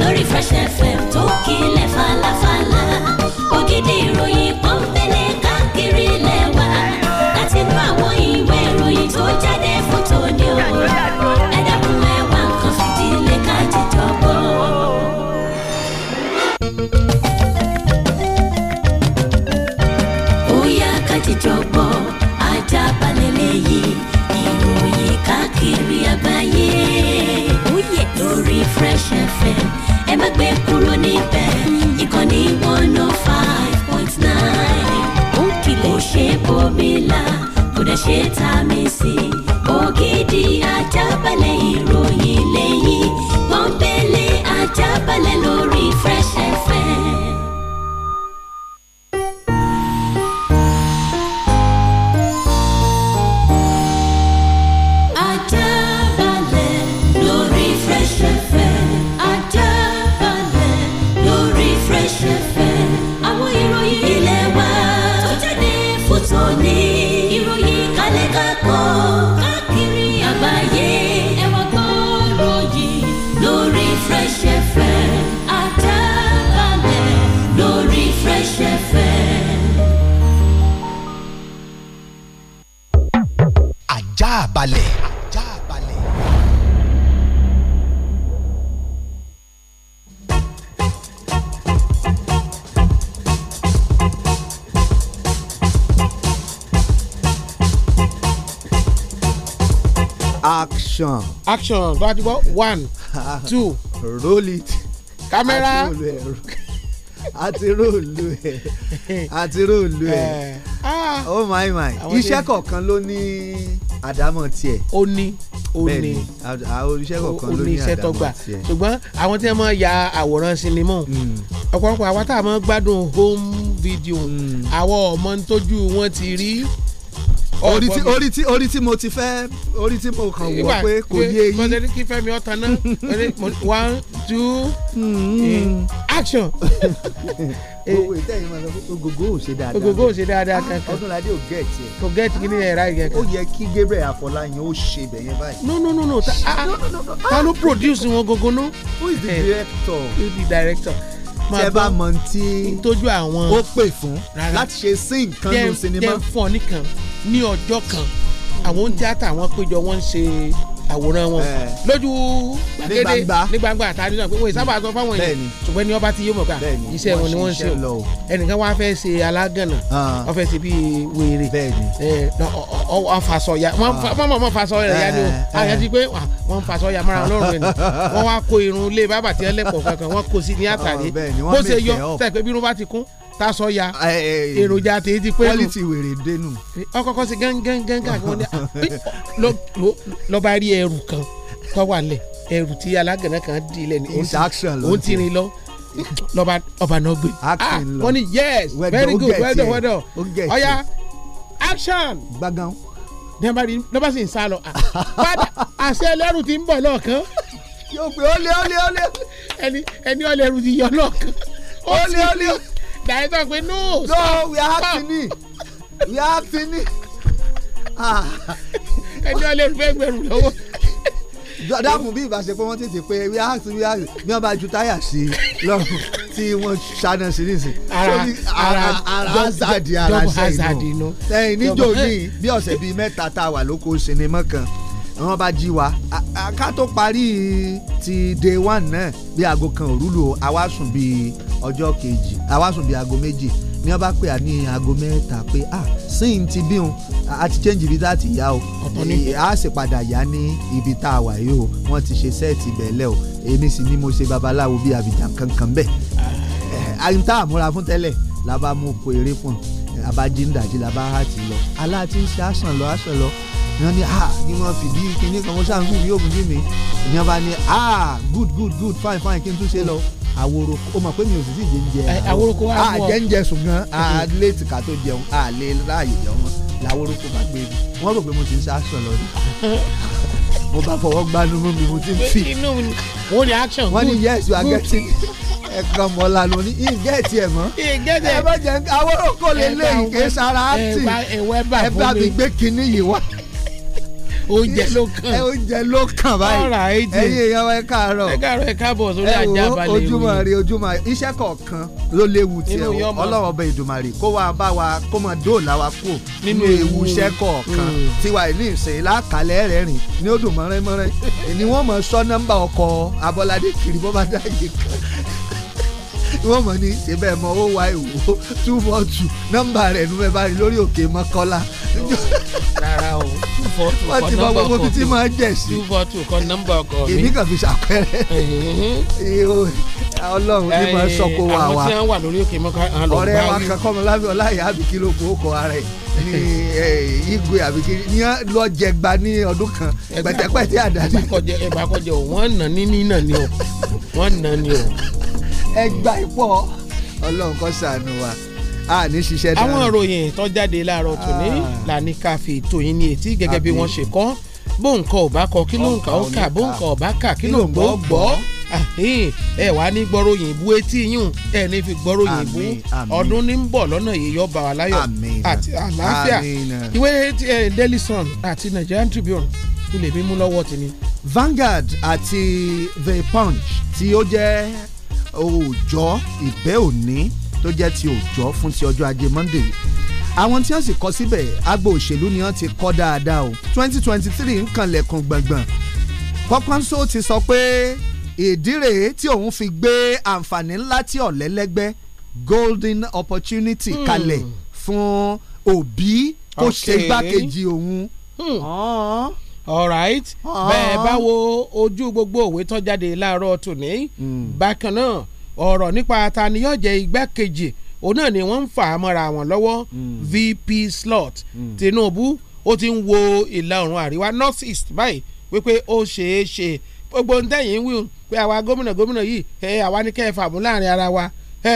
lórí fẹsẹ̀fẹ̀ tó kílẹ̀ falafala ògidì ìròyìn pọ́npẹ́lẹ́ káàkiri lẹ́wà láti inú àwọn ìwé ìròyìn tó jẹ́. ṣe tá a mi sí ògidì ajábalẹ̀ ìròyìn. action tó bá ti bọ́ one *laughs* two. roll it. kámẹ́rà àti róòlù ẹ̀ àti róòlù ẹ̀ *laughs* eh, ah. oh my my iṣẹ́ kọ̀ọ̀kan ló ní àdámọ̀ tiẹ̀. ó ní ó ní iṣẹ́ kọ̀ọ̀kan ló ní àdámọ̀ tiẹ̀. ṣùgbọ́n àwọn tí wọ́n máa ya àwòrán sinimá hmm. ọ̀pọ̀lọpọ̀ àwọn tá a máa gbádùn home video hmm. àwọn ọmọ tójú wọn ti rí orí tí orí tí orí tí mo ti fẹ́ orí tí mo kàn wọ pé kò yé yín. kọ́ńtẹ́ ní kí fẹ́mi ọ̀tàn náà one two hmm. eh, action. *laughs* owó ìtẹ̀yìn máa sọ pé ogogo ò ṣe dáadáa. ogogo ò ṣe dáadáa kankan. ọdúnladé ò gẹ̀ẹ́tì ẹ̀. kò gẹ̀ẹ́tì kí ni ẹ̀rá yẹn kan. ó yẹ kí Gabriel Afọláyan ó ṣe ibẹ̀ yẹn báyìí. no no no no ta ah, ló produce wọn gogo náà. who is the eh, director. who is the director tẹ bá mọ tí ó pè fún láti ṣe sí nǹkan ló sinimá. jẹ́ fọ́ nìkan ní ọjọ́ kan àwọn ohun tíátà wọn péjọ wọn ń ṣe àwòrán wọn lójú gbàgede ní gbangba àtàrí náà pé wọn ìsábà sọ fáwọn yìí ṣùgbọ́n ní ọba tí yóò mọ̀ pé ah, iṣẹ́ wọn ni wọ́n ń ṣe o ẹnìkan wá fẹ́ ṣe alágànà ah. wọ́n fẹ́ ṣe bíi wèrè wọ́n fasọ ya wọ́n ah. mọ̀ mọ́ fasọ rẹ̀ ya ni o àyà eh, eh. ti pé wọ́n fasọ ya mọ́ra ọlọ́run rẹ̀ ni *laughs* wọ́n wá kó irun lé bàbà tí wọ́n kankan wọ́n kó sí ní àtàrí bó ṣe yọ tasọ ya èròjà tèyí ti pé nù quality wèrè dénú. ọkọkọ sí gángan gángan àwọn ọdẹ lọba rí ẹrù kan tó wà lẹ ẹrù tí alágànnà kan di lẹ ní òun ti rìn lọ lọba ọba náà gbé ah wọn ni yes very good well done well done ọya action. gbàgán. lọba sì ń sá lọ ah, padà àṣẹ ẹlẹ́rù ti ń bọ̀ lọ́ọ̀kan. yóò pé ó lé ó lé ó lé. ẹni ẹni ọlẹ́rù ti yọ lọ́ọ̀kan. ó lé ó lé ó lé director pe no. no we are acting ni we are acting ni. Ah. *laughs* ẹjọ́ lè fẹ́ gbẹ̀rù lọ́wọ́. *laughs* dákun bí ìbáṣepọ̀ wọn tètè pé we are acting we are acting bí wọ́n bá ju táyà sí lọ́rùn tí wọ́n ṣáná sí nísìn. ara ara ara hazard ara ṣe inú ẹyin níjó yìí bí ọ̀sẹ̀ bíi mẹ́ta tá a wà lóko sinimá kan wọ́n bá jí wa ká tó parí ti day one náà bí aago kan òru lò àwa sùn bíi ọjọ́ kejì àwa sùn bí aago méjì ní wọ́n bá pè ní aago mẹ́ta pé ah sin ti bí òun a ti change ibi tá a ti yá o a sì padà yá ní ibi tá a wà yìí o wọ́n ti ṣe sẹ́ẹ̀tì bẹ̀lẹ̀ o èmi sì ni mo ṣe babaláwo bíi àbíjà kankan bẹ́ẹ̀ ayin tá a múra fún tẹ́lẹ̀ la bá mú ko eré fún un la bá jí la bá hàtì lọ aláàtí ń ṣe àṣàn lọ àṣàn lọ èèyàn ní ah kí wọ́n fìdí kíní kan wọ́n ṣàǹfì yóò fún mi èèyàn bá ní ah good good good fine fine kí n tún ṣe lọ àwòrò o mọ̀ pé mi ò sì sí jẹ́njẹ́ àwòrò kò wá mọ̀ ah jẹ́njẹ́ ṣùgbọ́n a ah, lè tìka tó jẹun a ah, lè láàyè jẹun mọ́ làwòrò kò bá gbé mi wọ́n rò pé mo ti ń ṣáṣọ lọ rí *laughs* mo bá fọwọ́ gbanú mú mi mo ti ń fi wọ́n ní action wọ́n ní yes you are getting *laughs* ẹ̀kan mọ́lá ló ní ìgẹ́ẹ̀tì ẹ̀ mọ́ ẹ̀ bá jẹ́ àwòrò kò lè lé ìké sara àti ẹ̀ bá mi gbé kinní yìí wá oúnjẹ ló kàn oúnjẹ ló kàn báyìí ẹ̀yin èèyàn wa ẹ káàárọ̀ ẹ káàárọ̀ ẹ káàbọ̀ sórí ajá balẹ̀ ìròyìn ojúmọ́ rí ojúmọ́ iṣẹ́ kọ̀ọ̀kan ló léwu tiẹ̀ ọlọ́run ọba ìdùmarè kó wa bá wa kó mọ dóòlà wa kú nínú ewu iṣẹ́ kọ̀ọ̀kan mm. tiwa ìní ìsìn lákàlẹ́ rẹ̀ rìn ní odò mọ́rẹ́mọ́rẹ́ ni wọ́n mọ̀ sọ nọ́mbà ọkọ̀ abọ́ládé kiri bọ́ bá dá kan wọ́n mọ̀ ní ṣe bẹ́ẹ̀ mọ ó wá ìwò two four two nọ́mbà rẹ̀ ló fẹ́ bá rí lórí òkè mọ́kọ́lá. rárá o two four two kọ́ nọ́mbà ọkọ mi two four two kọ́ nọ́mbà ọkọ mi. èmi kàn fi ṣàpẹẹrẹ. ọlọ́run ní ma sọ́kò wà wá. àwọn tí wọ́n wà lórí òkè mọ́kọ́lá. ọ̀rẹ́ wa kankan mọ́ lábẹ́ ọláyà àbí ló kó kọ ara *laughs* ẹ̀ ní igwe àbí kí lọ jẹ gba ní ọdún kan pẹ̀tẹ́pẹ̀tẹ́ àdáni. ẹ̀bà ẹ gba ìpọ̀ ọlọ́run kó ṣàánú wa a ní ṣiṣẹ́ dáadáa. àwọn ìròyìn tó jáde láàárọ̀ tòní ah. là ní ká fi ètò yín ní etí gẹ́gẹ́ bí wọ́n ṣe kọ́ bó nǹkan ò bá kọ kí ló ń kà ó kà bó nǹkan ò bá kà kí ló ń gbọ́ gbọ́ ẹ wàá ní gbọ́ròyìn ìbú etí yín ẹ ní fi gbọ́ròyìn ìbú ọdún ní ń bọ̀ lọ́nà yíyọ bá wa láyọ̀ àti àlàáfíà ìwé eh, Daily Sun àti Nigerian Tribune ilé mi mú lọ́wọ́ tì ní. Vanguard àti The Punch tí ó jẹ́ òòjọ́ ìbẹ́ òní tó jẹ́ ti òòjọ́ fún ti ọjọ́ ajé Monday àwọn tí wọ́n sì kọ síbẹ̀ agbo òṣèlú ni wọ́n ti kọ dáadáa o twenty twenty three nǹkan lẹ̀kùn gbọ̀ngbọ̀n Kọ́kọ́ńsó ti sọ pé ìdí rèé tí òun fi gbé àǹfààní ńlá tí ọ̀lẹ́lẹ́gbẹ́ golden opportunity mm. kalẹ̀ fún òbí kó ṣe gbákejì òun. Hmm alright bẹ́ẹ̀ bá wo ojú gbogbo òwe tán jáde láàárọ̀ tòní hmm. bákan náà ọ̀rọ̀ nípa ta ni yóò jẹ́ igbákejì òun náà ni wọ́n ń fà á mọ́ra wọn lọ́wọ́ hmm. VP slot mm. Tinubu ó ti ń wo ìlà oòrùn àríwá north east báyìí wípé ó ṣeé ṣe gbogbo ntẹ̀yìn wíwù pé àwa gómìnà gómìnà yìí ẹ àwa ní kẹfà mú láàrin ara wa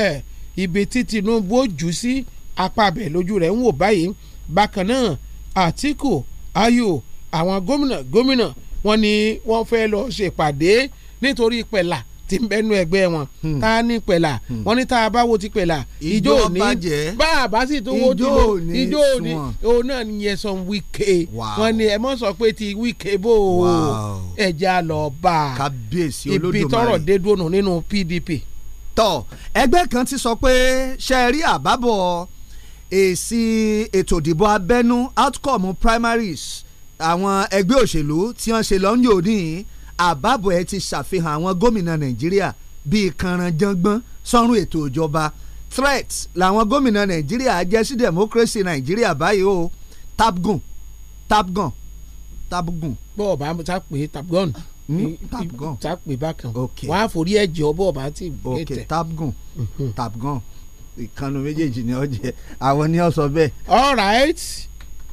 ẹ ibi tí Tinubu ó jù sí apá abẹ lójú rẹ̀ ń wò báyìí bákan náà Àtíkù Ayọ̀ àwọn gómìnà gómìnà wọn ni wọ́n fẹ́ lọ ṣèpàdé nítorí pẹ̀lá tí ń bẹnu ẹgbẹ́ wọn hmm. tá a hmm. ní pẹ̀lá wọn ní tá a bá wo ti pẹ̀lá ìjó òní bá a bá sì tó wo ti bò ìjó òní òun náà ni yẹn sọ wíkẹ́ wọn ni ẹ mọ̀ sọ pé ti wíkẹ́ bò ó ẹja lọ bá a ibi tọrọ dé dúró nínú PDP. tọ ẹgbẹ́ kan ti sọ pé ṣe é rí àbábọ̀ èsì ètò ìdìbò abẹ́nú outcome primaries àwọn ẹgbẹ́ òṣèlú tí wọ́n ṣe lọ́njú òní àbábọ̀ ẹ ti ṣàfihàn àwọn gómìnà nàìjíríà bíi kànrànjọ́gbọ́n sọ́run ètò ìjọba threat làwọn gómìnà nàìjíríà jẹ́ sí democracy nàìjíríà báyìí o tapgun tapgun tapgun. bọ́ọ̀ bá ta pé hmm, tapgun ta pé bákan wàá forí ẹ̀jẹ̀ ọ bọ́ọ̀ bá ti gbé tẹ̀. ok tapgun mhm. tapgun ìkànnì méjèèjì ni ọ jẹ àwọn ni ọ sọ bẹ́ẹ̀. all right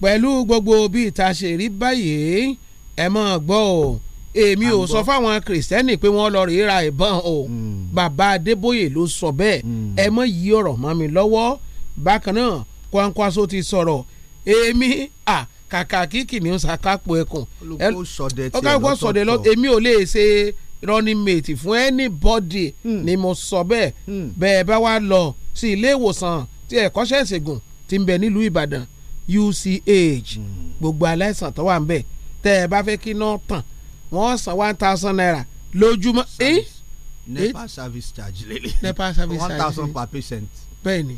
pẹ̀lú gbogbo bí ìta ṣe rí báyìí ẹ mọ̀ gbọ́ o èmi ò sọ fáwọn kìrìsìtẹ́nì pé wọ́n lọ rí ra ìbọn o mm. bàbá Adébóyè ló sọ bẹ́ẹ̀ mm. ẹ mọ̀ yí ọ̀rọ̀ mọ́ mi lọ́wọ́ bákan náà Kwankwaso ti sọ̀rọ̀ èmi à kàkà kí kìnìún sàkápò ẹkùn ọkọ̀ sọ̀dẹ̀ lọ èmi ò lè ṣe running mate fún anybody mm. ni mo sọ bẹ́ẹ̀ bẹ́ẹ̀ bá wá lọ sí ilé ìwòsàn ti ẹ̀kọ́ṣẹ́ ìṣègùn ti ń bẹ nílùú Ìbàdàn UCH gbogbo aláìsàn tó wà ń bẹ̀ tẹ́ ẹ bá fẹ́ kí náà tàn wọ́n san one thousand naira lójúmọ́. Eh? nepa eh? service charge lele nepa service charge one thousand per patient. bẹ́ẹ̀ni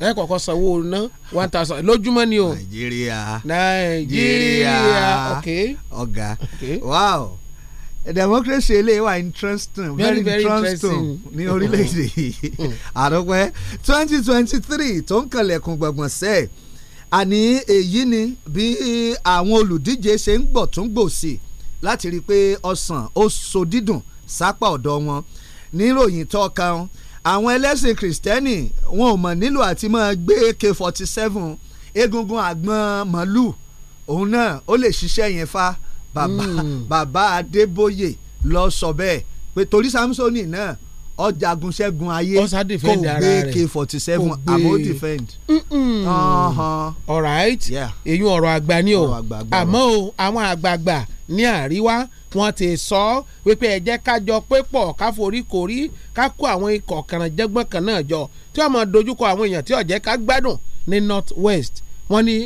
ẹ kọ́kọ́ sanwó ná one thousand lójúmọ́ ni o. nàìjíríà nàìjíríà ok ọ̀gá okay. wow democracy eléyìí wà interesting very, very interesting ní orílẹ̀-èdè yìí mm. àdókòwé twenty twenty three tó ń kalẹ̀kùn gbọ̀ngbọ̀n sẹ́ẹ̀ àní èyí ni bí àwọn olùdíje ṣe ń gbọ̀ tún gbòòsì láti rí i pé ọsàn ó so dídùn sápá ọ̀dọ̀ wọn níròyìn tó kan àwọn ẹlẹ́sìn kìrìsìtẹ́nì wọn ò mọ̀ nílò àti máa gbé ak forty seven egungun àgbọn màálù òun náà ó lè ṣiṣẹ́ yẹn fa bàbá mm. bàbá Adébóyè lọ sọ bẹ́ẹ̀ pé torí Samsoni náà ọjàgun ṣẹ́gun ayé kò gbé k forty seven àmọ́ defend. Uh-huh. alright èyí ọ̀rọ̀ àgbà ni o àmọ́ o àwọn àgbààgbà ní àríwá wọn ti sọ wípé ẹ jẹ́ ká jọ pé pọ̀ ká forí korí ká kó àwọn ikọ̀ kànáńjẹ́gbọ́n kan náà jọ tí wọ́n máa dojúkọ àwọn èèyàn tí ó ká gbádùn ní north west wọ́n ní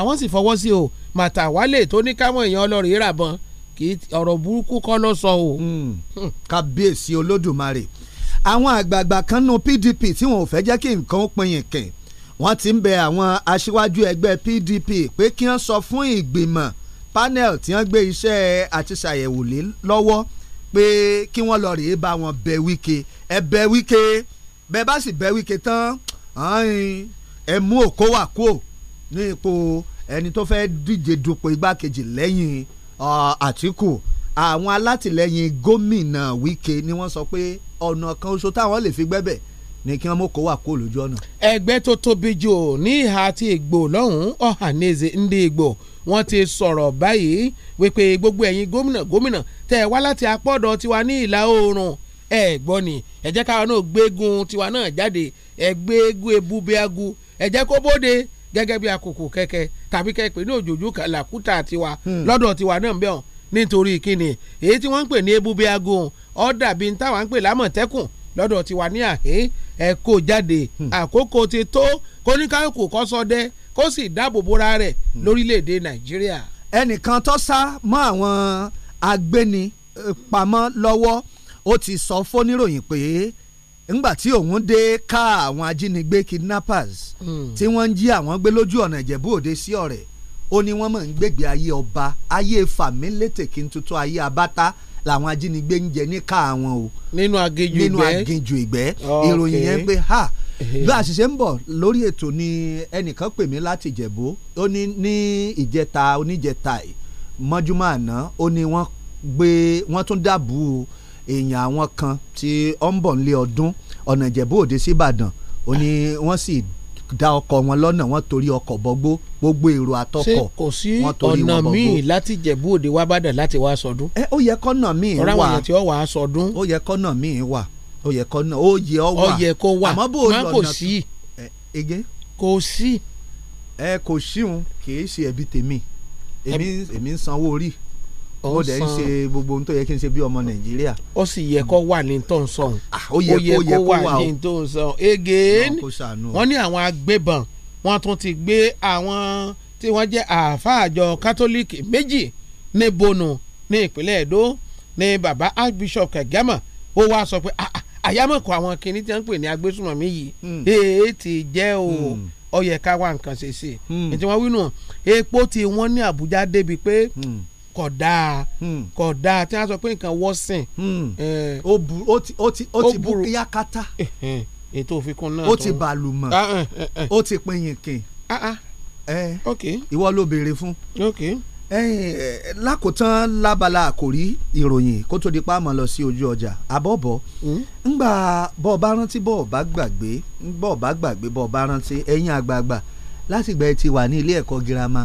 àwọn sì fọwọ́ sí o màtàwálè tó ní káwọn èèyàn ọlọ́rin rà kì í ọ̀rọ̀ burúkú kọ́ ló o. Hmm. kábíyèsí olódùmarè àwọn àgbààgbà kan nu PDP tí wọn ò fẹ́ jẹ́ kí nǹkan ó pinyin kìn wọ́n ti ń bẹ àwọn aṣíwájú ẹgbẹ́ PDP pé kí wọ́n sọ fún ìgbìmọ̀ panel tí wọ́n gbé iṣẹ́ àti ṣàyẹ̀wò lé lọ́wọ́ pé kí wọ́n lọ rèé bá wọn bẹ Wike ẹ bẹ Wike bẹ bá sì bẹ Wike tán ẹ mú òkó wà kó ní ipò ẹni tó fẹ́ díje dupò igbákejì lẹ́yìn Àtíkù. Uh, àwọn alátìlẹyìn gómìnà Wike ni wọ́n sọ pé ọ̀nà kan oṣù táwọn lè fi gbẹ́bẹ̀ ni kí wọ́n mú kó wà kó lójú ọ̀nà. ẹgbẹ́ tó tóbi jù ní ìhà àti ìgbò lọ́hùn-ún ọ̀hánẹ́sẹ̀ ndí ìgbò wọ́n ti sọ̀rọ̀ báyìí wípé gbogbo ẹ̀yin gómìnà gómìnà tẹ̀ wá láti apọ́dọ̀ tiwa ní ìlà oòrùn ẹ gbọ́ ni ẹ jẹ́ káwọn náà gbégun tiwa náà jáde ẹ gbégun ebúbeagu ẹ jẹ́ kó bóde gẹ́gẹ́ bí àkókò kẹ̀kẹ́ tàbí kẹ́pẹ́ ní òjòjú làkúta tiwa hmm. lọ́dọ̀ tiwa náà bẹ́ẹ̀ nítorí kíni èyí tí wọ́n ń pè ní ebube agohun ó dàbí táwa ń pè lámọ̀tẹ́kùn lọ́dọ̀ tiwa ní àhẹ́ ẹ̀ kó jáde hmm. àkókò ti tó kóníkàkù kọ́ sọdẹ kó sì dáàbò bóra rẹ̀ hmm. lórílẹ̀‐èdè nàìjíríà. ẹnìkan tó sá mọ́ àwọn agbéni e, pamọ́ lọ́wọ́ ó ti sọ fóníròyìn pé ńgbà tí òun dé ká àwọn ajínigbé kidnappers hmm. tí wọ́n ń jí àwọn gbé lójú ọ̀nà ìjẹ̀bú òde sí ọ̀rẹ́ ó ní wọ́n mọ̀ ń gbègbè ayé ọba ayé fàmílétèkì tuntun ayé abáta làwọn ajínigbé ń jẹ níka àwọn o. nínú aginjù ìgbẹ́ nínú aginjù ìgbẹ́ ìròyìn yẹn pé ha bí àṣìṣe ń bọ̀ lórí ètò ni ẹnìkan pè mí láti ìjẹ̀bú ó ní ní ìjẹta oníjẹta mọ́júmọ́ àná ó ní wọ́n gbé wọ́n tún dàbù èèyàn àwọn kan tí ó ń bọ̀ nílé ọdún ọ̀nà ìjẹ̀bú òde síbàdàn ó ní wọ́n sì dá ọkọ̀ wọn lọ́nà wọ́n torí ọkọ̀ bọ́gbó gbogbo èrò àtọkọ̀ ṣé kò sí ọ̀nà míì láti jẹ̀bú òde wá bàdàn láti wá sọdún. ẹ ó yẹ kọ́nà míì wà ọ̀rọ̀ tí ó wà á sọdún. ó yẹ kọ́nà míì wà ó yẹ kọ́nà ó yẹ ọ wà ó yẹ wà àmọ́ bó o lọ́nà tó ege. kò sí. ẹ kò síhun kì í ṣe ẹbí tèmi èmi ń sanwó orí ó dẹ̀ ń ṣe gbogbo ohun tó yẹ kí n ṣe bí ọmọ nàìjíríà. ó sì yẹ kó wà ní tó ń sọ. Ah, ó yẹ kó wà ní tó ń sọ. again wọ́n ní àwọn agbébọn wọ́n tún ti gbé àwọn tí wọ́n jẹ́ àáfàá àjọ kátólíìkì méjì ní bonu ní ìpínlẹ̀ èdò ní baba archbishop kagama ó wá sọ pé ah, ah, àyámọ̀kọ àwọn kìnìún tí wọ́n ń pè ní agbésùnmọ̀mí yìí èé hmm. ti jẹ́ o hmm. ó yẹ ká wá nǹkan ṣe sí i ètò hmm. wọn wí nù epo tí wọ́n ní àbújá débi pé kò dáa kò dáa tí wọ́n sọ pé nǹkan wọ́sìn. Eh, ó ti bú kíyàkátà ètò òfikún náà. ó ti bàlùmọ̀ ah, eh, eh, eh. ó ti pinyìnkìn. Ah, ah. ok ìwọ ló béèrè fún. ok lákòótán lábala àkòrí ìròyìn kó tó di pa àmọ́ lọ sí ojú ọjà àbọ̀bọ̀ hmm? ńgbà bọ́ ọ bá rántí bọ́ ọ bá gbàgbé bọ́ ọ bá gbàgbé bọ́ ọ bá rántí ẹ̀yin àgbààgbà láti ìgbà ẹ ti wà ní ilé ẹ̀kọ́ girama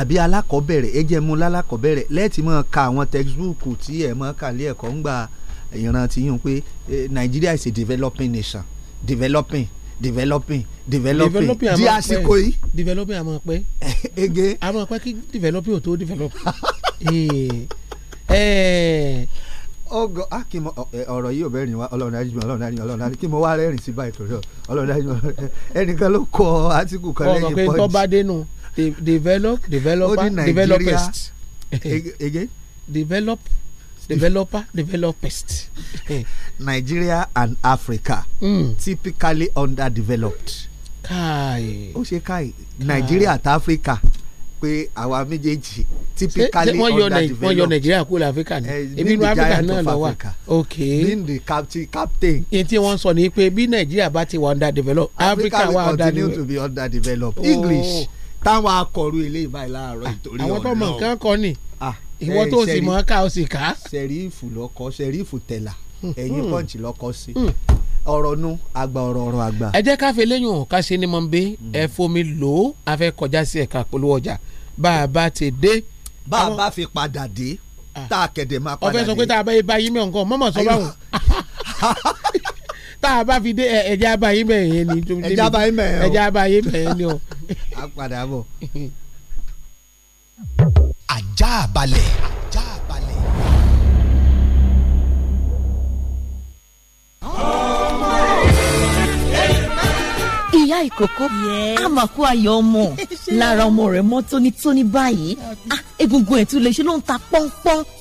àbí alákọ̀ọ́bẹ̀rẹ̀ ẹ jẹ́ mú lálákọ̀ọ́bẹ̀rẹ̀ lẹ́ẹ̀tì mọ́ ka àwọn textbook tí ẹ mọ́ kà lé ẹ̀kọ́ ńgbà ìran ti pé Nigeria is a developing nation developing developing developing di àsìkò yìí. developing a máa pẹ́. *laughs* ege. a máa pẹ́ kí developing ò tó develop. ọgọ a kì í mọ ọ̀rọ̀ yìí ò bẹ́ẹ̀ rìn wá ọlọ́run dájú mi ọlọ́run dájú mi ọlọ́run dájú mi kí mo wá rẹ́rìn sí báyìí torí ọlọ́run dájú mi ẹnìkan ló kọ átíkù kan lẹ́yìn punch. ọmọ pé tọ́ba dénú develop developer developist. ege. develop developer developist. *laughs* Nigeria and Africa mm. typically underdeveloped. káì. ó ṣe káì Nigeria àti Africa pé àwa méjèèjì typically underdeveloped. wọ́n yọ Nigeria kúrò láfíríkà ni eh, ebi inú Africa náà lọ wà ok. being the captain captain. èyí tí wọ́n sọ ni pé bí Nigeria bá ti wà underdeveloped Africa wà underdeveloped. Africa will continue to be underdeveloped. English oh. táwọn akọ̀ròyìn ilé ìbáyìí láàárọ̀ ah, ìtòrí ọ̀nà. àwọn tó mọ̀ nǹkan kọ́ ni. ah ìwọ tó sì mọ̀ ká o sì ká. sẹ̀ríìfù lọ́kọ sẹ̀ríìfù tẹ̀là hmm, ẹ̀yìn hmm. pọ́ǹchì lọ́kọ sí hmm. ọ̀rọ̀ nu àgbà ọ̀rọ̀ ọ̀rọ̀ àgbà. ẹ jẹ́ ká fi léyìn ọ̀hún ká ṣe ni mo ń bẹ ẹ fomi lò ó a fẹ́ kọjá sí ẹ̀ka polówó ọjà bá a bá ti dé. bá a bá fi padà dé ah. tá a kẹ̀dẹ̀ máa padà dé. ọ̀fẹ́ sọ pé tá a bá yé bá yí mẹ́ nǹkan mọ́mọ́ sọ báwọn *laughs* tá a bá fi dé ẹ̀jẹ̀ abayé mẹ́rin ni. o. ẹ̀jẹ̀ abayé mẹ́rin ni o. a padà bọ̀. *laughs* ajá balẹ̀. ajá balẹ̀. ìyá ìkókó àmàkù ayọ̀ ọmọ *laughs* lára ọmọ rẹ̀ mọ́ tónítóní báyìí ah, egungun ẹ̀ lè ṣe ló ń ta pọ́npọ́n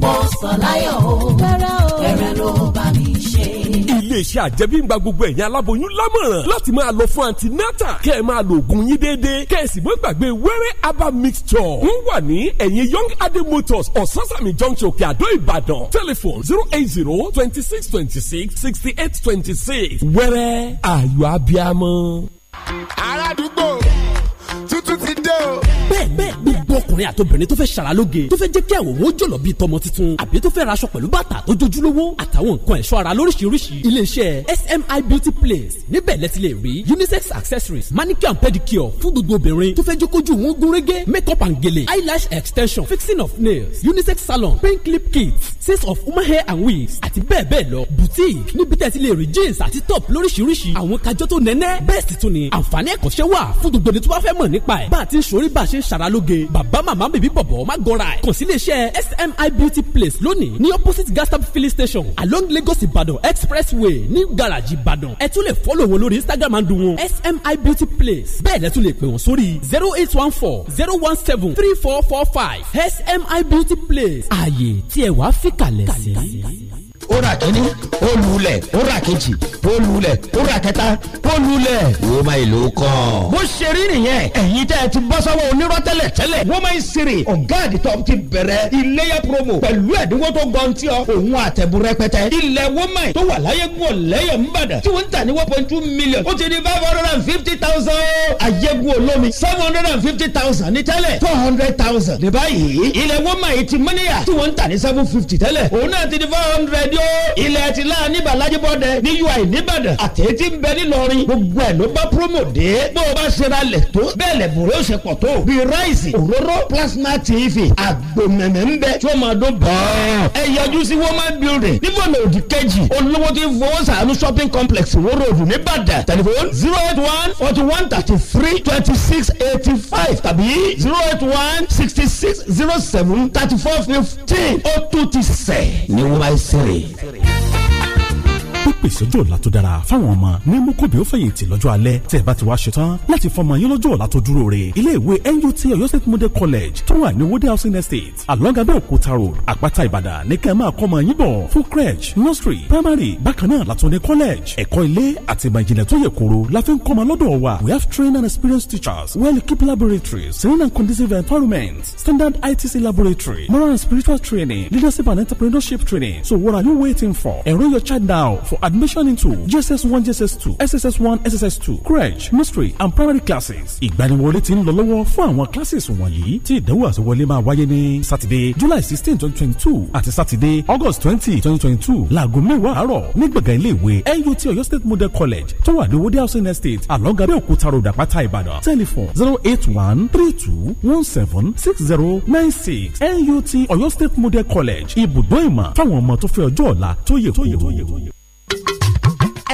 mo sọ láyọ̀ o rárá o ẹrẹ ló bá mi ṣe. iléeṣẹ́ àjẹmíngba gbogbo ẹ̀yin aláboyún lámọ̀ràn láti máa lọ fún antinata kẹ́ ẹ máa lo oògùn yín déédéé kẹ́ ẹ sì mọ́ gbàgbé wẹ́rẹ́ herbal mixture wọ́n wà ní ẹ̀yìn young adé motors ososani junction kíadó ìbàdàn telephone zero eight zero twenty six twenty six sixty eight twenty six wẹ́rẹ́ ayọ̀ abiamọ. aládùúgbò tuntun ti dé o. bẹ́ẹ̀ bẹ́ẹ̀ ọkùnrin àti obìnrin tó fẹ́ ṣàralóge tó fẹ́ jẹ́ kí àwòrán ó jọ̀lọ̀ bíi tọmọ tuntun àbí tó fẹ́ raṣọ pẹ̀lú bàtà tó jojúlówó àtàwọn nǹkan ẹ̀ṣọ́ ara lóríṣiríṣi iléeṣẹ́ SMI beauty place níbẹ̀ lẹ́tí lè rí unisex accessories manicure and pedicure fún gbogbo obìnrin tó fẹ́ jẹ́ kójú wọn gúnrégé makeup and gèlè eyelash extension fixing of nails unisex salon pink clip kits sets of human hair and wigs àti bẹ́ẹ̀ bẹ́ẹ̀ lọ boutique níbi tẹ́tí lè rí jeans àti top lóríṣiríṣi àwọn kájọ tó nẹ́nẹ́ bẹ́ẹ̀ sì tún ni àǹfààní ẹ̀kọ́ṣẹ́ wà fún gbogbo ẹni tó bá fẹ́ mọ̀ nípa ẹ̀ bá a bàbá màmá bèbí bọ̀bọ̀ má gọra ẹ̀ kàn sí iléeṣẹ́ SMI Beauty Place lónìí ní opposite gas stop filling station along Lagos Ìbàdàn expressway ní gàràjì Ìbàdàn ẹ tún lè fọ́lọ̀ wọn lórí Instagram àdùn wọn SMI Beauty Place bẹ́ẹ̀ lẹ́tún lè pè wọ́n sórí zero eight one four zero one seven three four four five SMI Beauty Place ààyè tí ẹ wàá fi kalẹ̀ sí ó rà kíní ó lulẹ̀ ó rà kejì ó lulẹ̀ ó rà kẹta ó lulẹ̀. wọ́n máa ìlú kọ́. bó ṣe rí nìyẹn ẹ̀yin tẹ́ ẹ ti bọ́ sọ́wọ́ onírọ́ tẹ́lẹ̀ tẹ́lẹ̀ wọ́n máa ń sèrè ọ̀gá àdìtọ́ ti bẹ̀rẹ̀ iléyà promo pẹ̀lú ẹ̀dínwó tó gan tí ọ òun àtẹ̀bù rẹpẹtẹ. ilẹ̀ wọ́n máa tó wà láyé gùn ọ̀lẹ́yẹ̀ ńbàdàn tí wọ́n ń tà ní one point two million ó ti di five hundred and fifty thousand ayégun olómi seven hundred and fifty thousand ní tẹ́lẹ̀ four hundred thousand ní báyìí ilẹ̀ wọ́n máa ti mọ́níyà tí wọ́n ń tà ní seven fifty tẹ́lẹ̀ òun náà di four hundred rédíò ilẹ̀ ti la ní balaji bọ́dẹ ní ui nìbàdàn àtẹ̀tí ń bẹ nílọrin gbogbo ẹ̀ ló bá promo dé bó o bá ṣera lẹ̀ tó bẹ́ẹ̀ lẹ̀ bùrẹ́ ó ṣe pọ̀ tó bíi ráìsì òróró plasma tv àgbòmẹ̀mẹ̀ ń bẹ tí ó máa dún bọ́ọ̀ ẹ yọjú sí woman building ní bọ̀nà òdì kejì olówó ti fowó sàánú shopping complex ìwó road nìbàdàn tẹlifon zero eight one forty one thirty three twenty six eighty five tàbí zero eight one sixty six zero seven thirty four fifteen ó tún ti sẹ̀ ní wọ́n máa ń sẹ́rẹ̀. Siri. Siri. pèsè ọjọ́ ọ̀la tó dára fáwọn ọmọ ní mukobi ó fẹ̀yìntì lọ́jọ́ alẹ́ tẹ́ ẹ bá ti wá ṣetán láti fọmọ yín lọ́jọ́ ọ̀la tó dúró re ilé ìwé NUT Ọ̀yọ́ State Model College tó wà ní Wode Housing Estate along Abẹ́òkúta road àpáta Ìbàdàn ní kẹ́ ẹ máa kọ́ ọmọ yín bọ̀ fún crèche nursery primary bákan náà látún ní college ẹ̀kọ́ ilé àti ìmọ̀ ìjìnlẹ̀ tó yẹ kóró la fi ń kọ́ ọmọ lọ́dọ̀ wa we have trained and experienced teachers well equipped laboratories serene and conducive environments standard ITC laboratory moral and spiritual training leadership and entrepreneurship training so what are you waiting for enroll your child now for admission Admission into JSS1, JSS2, SSS1, SSS2, crèche, nursery and primary classes. Ìgbaniwọlé ti ń lọ lọ́wọ́ fún àwọn classes wọ̀nyí tí ìdánwò àsọwọlé máa wáyé ní Saturday July sixteen twenty twenty two àti Saturday August twenty twenty twenty two láago mẹ́wàá àárọ̀ ní gbọ̀ngàn ilé NUT Oyo State Model College tó wà ní Wode Housing Estate along Abeokuta Road Àpáta Ìbàdàn telephone zero eight one three two one seven six zero nine six NUT Oyo State Model College ibùdó ìmọ̀ fáwọn ọmọ tó fẹ́ ọjọ́ ọ̀la tó yẹ kó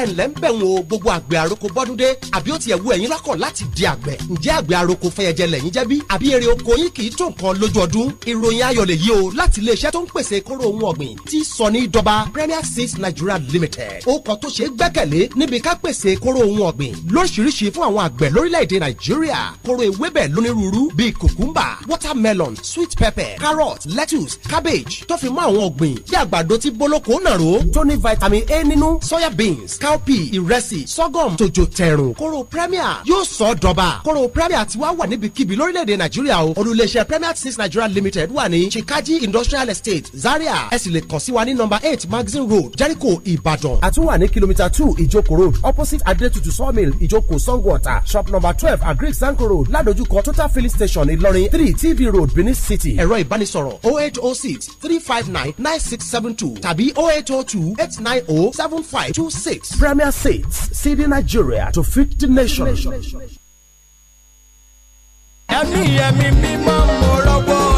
ẹ ǹlẹ́ ń bẹ̀ wọn o gbogbo àgbẹ̀ àroko bọ́dúndé àbí ó tiẹ̀ wù ẹ̀yin lọ́kàn láti di àgbẹ̀ ǹjẹ́ àgbẹ̀ àroko fẹyẹjẹ lẹ́yìn jẹ́ bí àbí èrè oko yín kì í tó nǹkan lójú ọdún ìròyìn ayọ̀ lèyí o láti iléeṣẹ́ tó ń pèsè kóró ohun ọ̀gbìn tí sọ ní dọba Premier Six Nigeria Limited ó kọ tó ṣe gbẹ́kẹ̀lé níbi ká pèsè kóró ohun ọ̀gbìn lóríṣiríṣi fún àwọn àgbẹ̀ lórílẹ̀‐èdè Nàìjíríà kóró ewébẹ̀ lónírúurú bíi cucumber watermelon sweet pepper carrot lettuce cabbage tó fi mọ́ àwọn ọ̀gbìn bí àgbàdo ti bólókòó nàró tó ní vitamin A nínú cowpea ìrẹsì sorghum tòjò tẹ̀rùn kóró premier yóò sọ dọba kóró premier ti wá wà níbikíbi lórílẹ̀‐èdè nàìjíríà o olùléṣẹ́ premier six nigeria limited wà ní chikaji industrial estate zaria ẹ sì lè kàn sí wa ní number eight magazine road jericho ìbàdàn. àtúwà ní kìlómítà two ìjókòó road opposite adetutu sawmill ìjókòó sango shop number twelve Agri zanko road ládojúkọ total filling station ìlọrin three tv road benin city. ẹ̀rọ ìbánisọ̀rọ̀ oh eight oh six three five nine nine six seven two tàbí oh eight oh two eight nine oh seven five two six. Premier Seats, City Nigeria to 50 nations. Ẹ̀mí ẹ̀mí mímọ́ mo rọ́gbọ́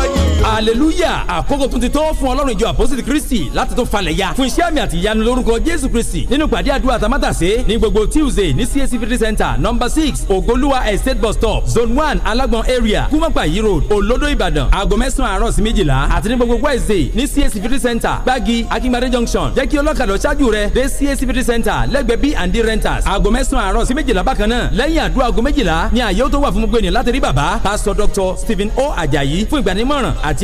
hallelujah àkókò tún ti tó fún ọlọ́run ìjọ àpọ́sítì kristi láti tún falẹ̀ ya fún iṣẹ́ àmì àti ìyanu lórúkọ jésù kristi nínú pàdé àdúrà tamátàsé ní gbogbo tuesday ní cac fifty center number six ogoluwa estate bus stop zone one alágbọn area kúmọ̀pàyí road olodo ìbàdàn aago mẹ́sàn-án àárọ̀ sí méjìlá àti ní gbogbo wednesday ní cac fifty center gbági akínbádé junction jẹ́ kí ọlọ́kadà ṣáájú rẹ dé cac fifty center lẹ́gbẹ̀ẹ́ b and d renters aago mẹ́sàn-án àárọ̀ sí méjìlá bákan náà lẹ́yìn àdúrà aago ni àyè ó tó wà stephen o ajayi fún ìgbanímọ̀ràn àti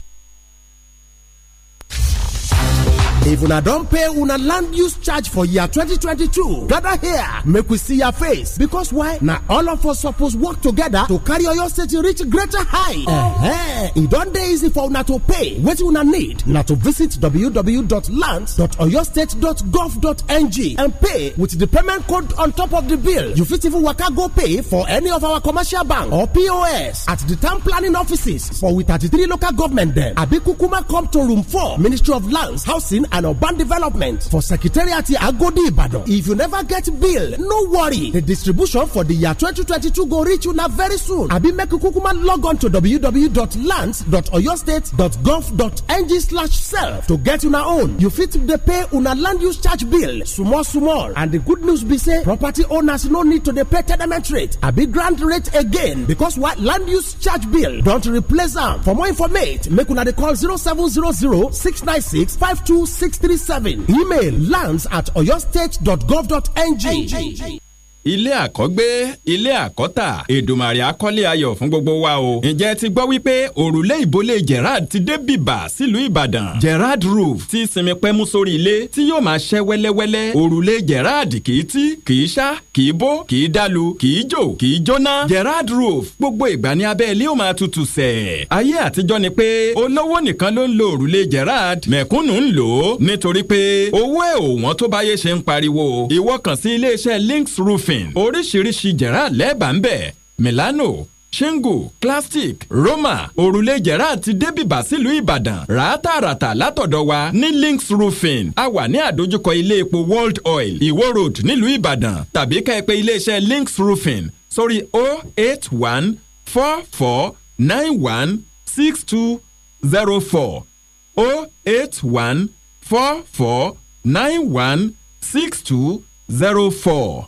if una don't pay una land use charge for year 2022 gather here make we see your face because why Now all of us suppose work together to carry oyo state reach greater height eh It e don't day easy for una to pay What you na need na to visit www.lands.oyostate.gov.ng and pay with the payment code on top of the bill you fit even waka go pay for any of our commercial bank or pos at the town planning offices for with 33 local government dem abi kukuma come to room 4 ministry of lands housing and and urban development for secretariat agodi ibadan if you never get bill no worry the distribution for the year 2022 go reach you now very soon abi make you kukuma log on to www.lands.oyostate.gov.ng slash self to get una own you fit dey pay una land use charge bill small small and the good news be say property owners no need to dey pay tenement rate abi grant rate again because while land use charge bill don't replace am for more information make una dey call 0700 696 526 six three seven email lands at oyostate.gov.ng. ilé àkọ́gbé ilé àkọ́tà èdùmàrè akọ́lé ayọ̀ fún gbogbo wa o. ǹjẹ́ ti gbọ́ wípé òrùlé ìbólé Gerard ti dé bìbà sílùú Ìbàdàn Gerard roof ti sinmi pẹ́mú sórí ilé tí yóò máa ṣẹ́ wẹ́lẹ́wẹ́lẹ́ òrùlé Gerard kì í tí kì í ṣá kì í bó kì í dalu kì í jò jo, kì í jóná Gerard roof gbogbo ìgbà ní abẹ́ ilé ó máa tutù sẹ̀. ayé àtijọ́ ni pé olówó nìkan ló ń lo òrùlé Gerard mẹ̀kúnnù ń lò ó nítorí pé owó ẹ̀ òwọ́n links roofing roofing oríṣiríṣi jẹ̀rá lẹ́ẹ̀bà ń bẹ̀ Milano shingle plastic roma òrùlé jẹ̀rá àti débìbà sílùú ìbàdàn ràátàràtà látọ̀dọ̀ wa ní links roofing a wà ní àdójúkọ ilé epo world oil ìwó road nílùú ìbàdàn tàbí ká ẹ pè iléeṣẹ́ links roofing sórí oh zero four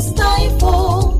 stifle.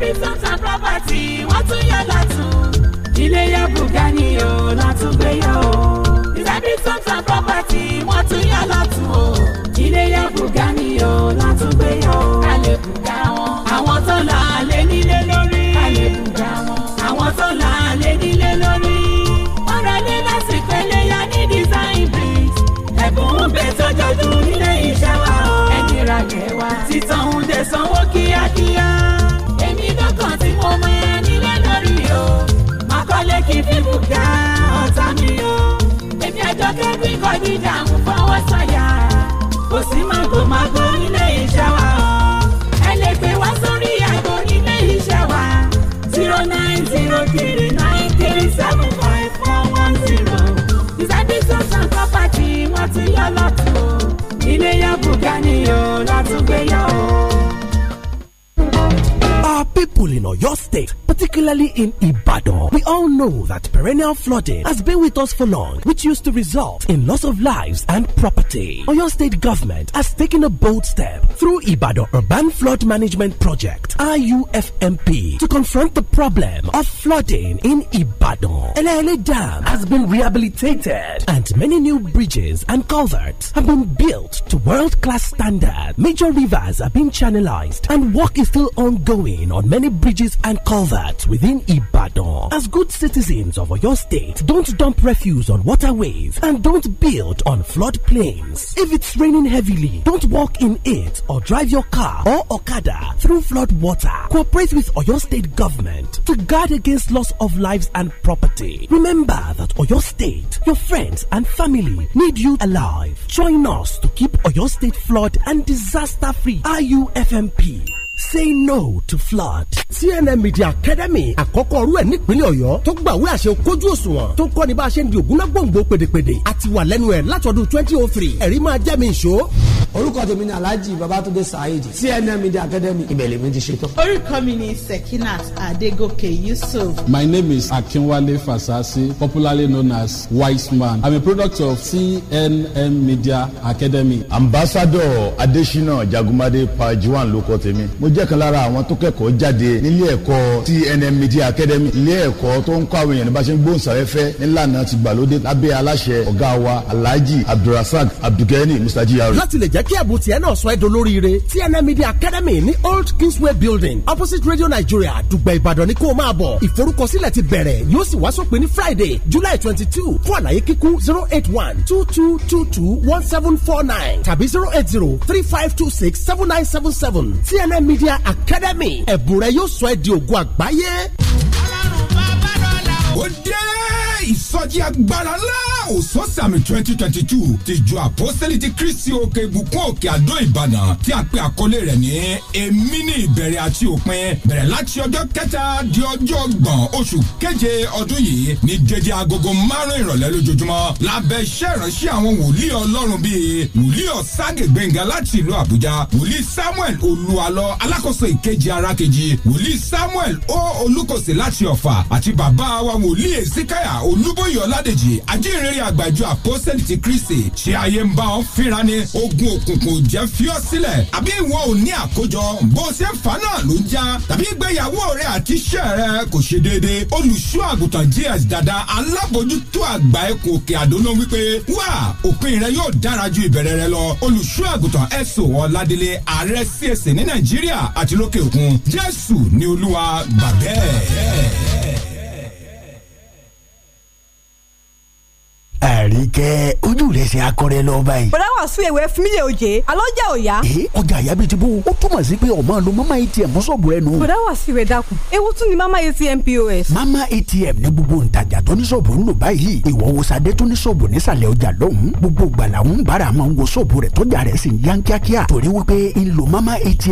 Capitals and property wọ́n tún yọ lọ́tún. ilé yọ bùgá ni o lọ́tún gbé yọ o. Capitals and property wọ́n tún yọ lọ́tún o. ilé yọ bùgá ni o lọ́tún gbé yọ o. a lè bùgá wọn. àwọn tó là á lé nílé lórí. a lè bùgá wọn. àwọn tó là á lé nílé lórí. ọ̀rọ̀ lé lásìkò ní design bricks. ẹ̀bùn ń bẹ sójoojú nílé iṣẹ́ wa ẹni ra gẹ̀ wá. títàn ń dẹ̀ sanwó. dá ọ̀tá mi o. èmi àjọ kẹ́bí kọ́ bí dààmú fọwọ́ sọ̀yà. kò sí màgòmágó nílé iṣẹ́ wa o. ẹ lè pè wá sórí àgbo nílé iṣẹ́ wa. zero nine zero three nine three seven five four one zero. disabilities and property wọ́n ti yọ lọ́tún o. ilé yọ bùgá ni o látúgbé yọ o. people in Oyo State, particularly in Ibadan, we all know that perennial flooding has been with us for long, which used to result in loss of lives and property. Oyo State government has taken a bold step through Ibadan Urban Flood Management Project (IUFMP) to confront the problem of flooding in Ibadan. Elele Dam has been rehabilitated, and many new bridges and culverts have been built to world-class standard. Major rivers have been channelized, and work is still ongoing on many bridges and culverts within Ibadan. As good citizens of your state, don't dump refuse on waterways and don't build on floodplains. If it's raining heavily, don't walk in it or drive your car or Okada through flood water. Cooperate with Oyo State government to guard against loss of lives and property. Remember that Oyo State, your friends and family need you alive. Join us to keep Oyo State flood and disaster free. IUFMP. say no to flood. CNN Media Academy àkọ́kọ́ ọ̀rú ẹ̀ nípínlẹ̀ Ọ̀yọ́ tó gbàwé àṣẹ kójú òṣùwọ̀n tó kọ́ ni bá a ṣe ń di ògúnná gbòǹgbò pèdèpèdè àti wà lẹ́nu ẹ̀ látọdún twenty oh three ẹ̀rí máa jẹ́ mi ìṣó. orúkọ tèmi ni Alhaji Babatunde Saheed CNN Media Academy ibẹ̀ lèmi ti ṣetán. orúkọ mi ni Sekinat Adegoke Yusuf. My name is Akinwale Fasasi popularly known as Wise Man. I'm a product of CNN Media Academy. Ambassador Adesina Jagumade Pajuwan ló kọ tèmi. mo mo jẹ́ kan lára àwọn tó kẹ́kọ̀ọ́ jáde nílé ẹ̀kọ́ TNM Media Academy ilé ẹ̀kọ́ tó ń kọ́ àwọn èèyàn bá ṣe ń gbóhùnsáfẹ́fẹ́ nílànà ti gbàlódé lábẹ́ aláṣẹ ọ̀gá wa Alhaji Abdulrasaq Abdulgani Mr. GR. láti lè jẹ́ kí ẹ̀bùn tiẹ̀ náà sọ ẹ́ dolóríire TNM Media Academy ní Old Kingsway Building opposite Radio Nigeria Dùgbẹ̀ Ìbàdàn ni kó o máa bọ̀ ìforúkọsílẹ̀ ti bẹ̀rẹ̀ yóò sì wá sópin ní Friday July twenty two fún àlàyé kíkún zero eight one two two two two one seven four nine tàbí zero eight zero three five two six seven nine seven seven TNM media academy ẹ̀bùn rẹ yóò sọ ẹ́ di ògo àgbáyé. ọlọ́run bá bá dọ́là ó dé ìsọjí agbára ńlá òsósàmì twenty twenty two ti ju àpọ́sẹ́lì ti kristi òkè ìbùkún òkè àdó ìbàdàn tí a pè àkọlé rẹ̀ ní èmi ní ìbẹ̀rẹ̀ àti òpin bẹ̀rẹ̀ láti ọjọ́ kẹta di ọjọ́ ọgbọ̀n oṣù keje ọdún yìí ní dédé agogo márùn-ún ìrọ̀lẹ́ lójoojúmọ́ lábẹ́ iṣẹ́ ìránṣẹ́ àwọn wòlíì ọlọ́run bíi wòlíì ọ̀sàgè gbẹ̀ngà láti ìlú àbújá wòlíì samuel olúwalọ alákòóso ìkejì ara kejì wòlíì samuel o olùkòsè láti ọ̀fà àti bàbá wa wòlíì èsíkáyà ol olúbóyè ọládèjì ajínrere àgbàjọ àpọ́sẹ̀lì ti kristi ṣé ayé ń bá ọ fínra ni ogun òkùnkùn jẹ́ fíọ́ sílẹ̀ àbí ìwọ ò ní àkójọ bó ṣe ń fa náà ló ń já tàbí ìgbéyàwó rẹ àti iṣẹ́ rẹ kò ṣe déédéé olùṣọ́ àgùntàn gs dada alábòjútó àgbà ẹkùn òkè àdó náà wípé wá òpin rẹ yóò dára ju ìbẹ̀rẹ̀ rẹ lọ olùṣọ́ àgùntàn ẹ̀sọ́ ọ̀ládélé ààrẹ csc ní nàìjíríà àti lókè òkun jésù ni olúwa gbàgbẹ́ ẹ̀. àríkẹ́ ojú rẹ̀ ṣe akọrẹ lọ báyìí. bọ̀dá wà sún ewé fún mi lè oje alọ́ jẹ́ òya. ee ọjà àyà bíi ti bó túmọ̀ sí pé ọmọ lo mama atm mọ́sọ̀bù rẹ nù. bọ̀dá wà sí ìwé dákun ewu tún ni mama atm pos. mama atm ní gbogbo ntajà tó ní sọ̀bù ń lò báyìí ìwọ wo sadé tó ní sọ̀bù nísàlẹ̀ ọjà lọ́hùn-ún gbogbo gbala ń bára máa ń wo sọ̀bù rẹ̀ tọ́jà rẹ̀ sì mama atm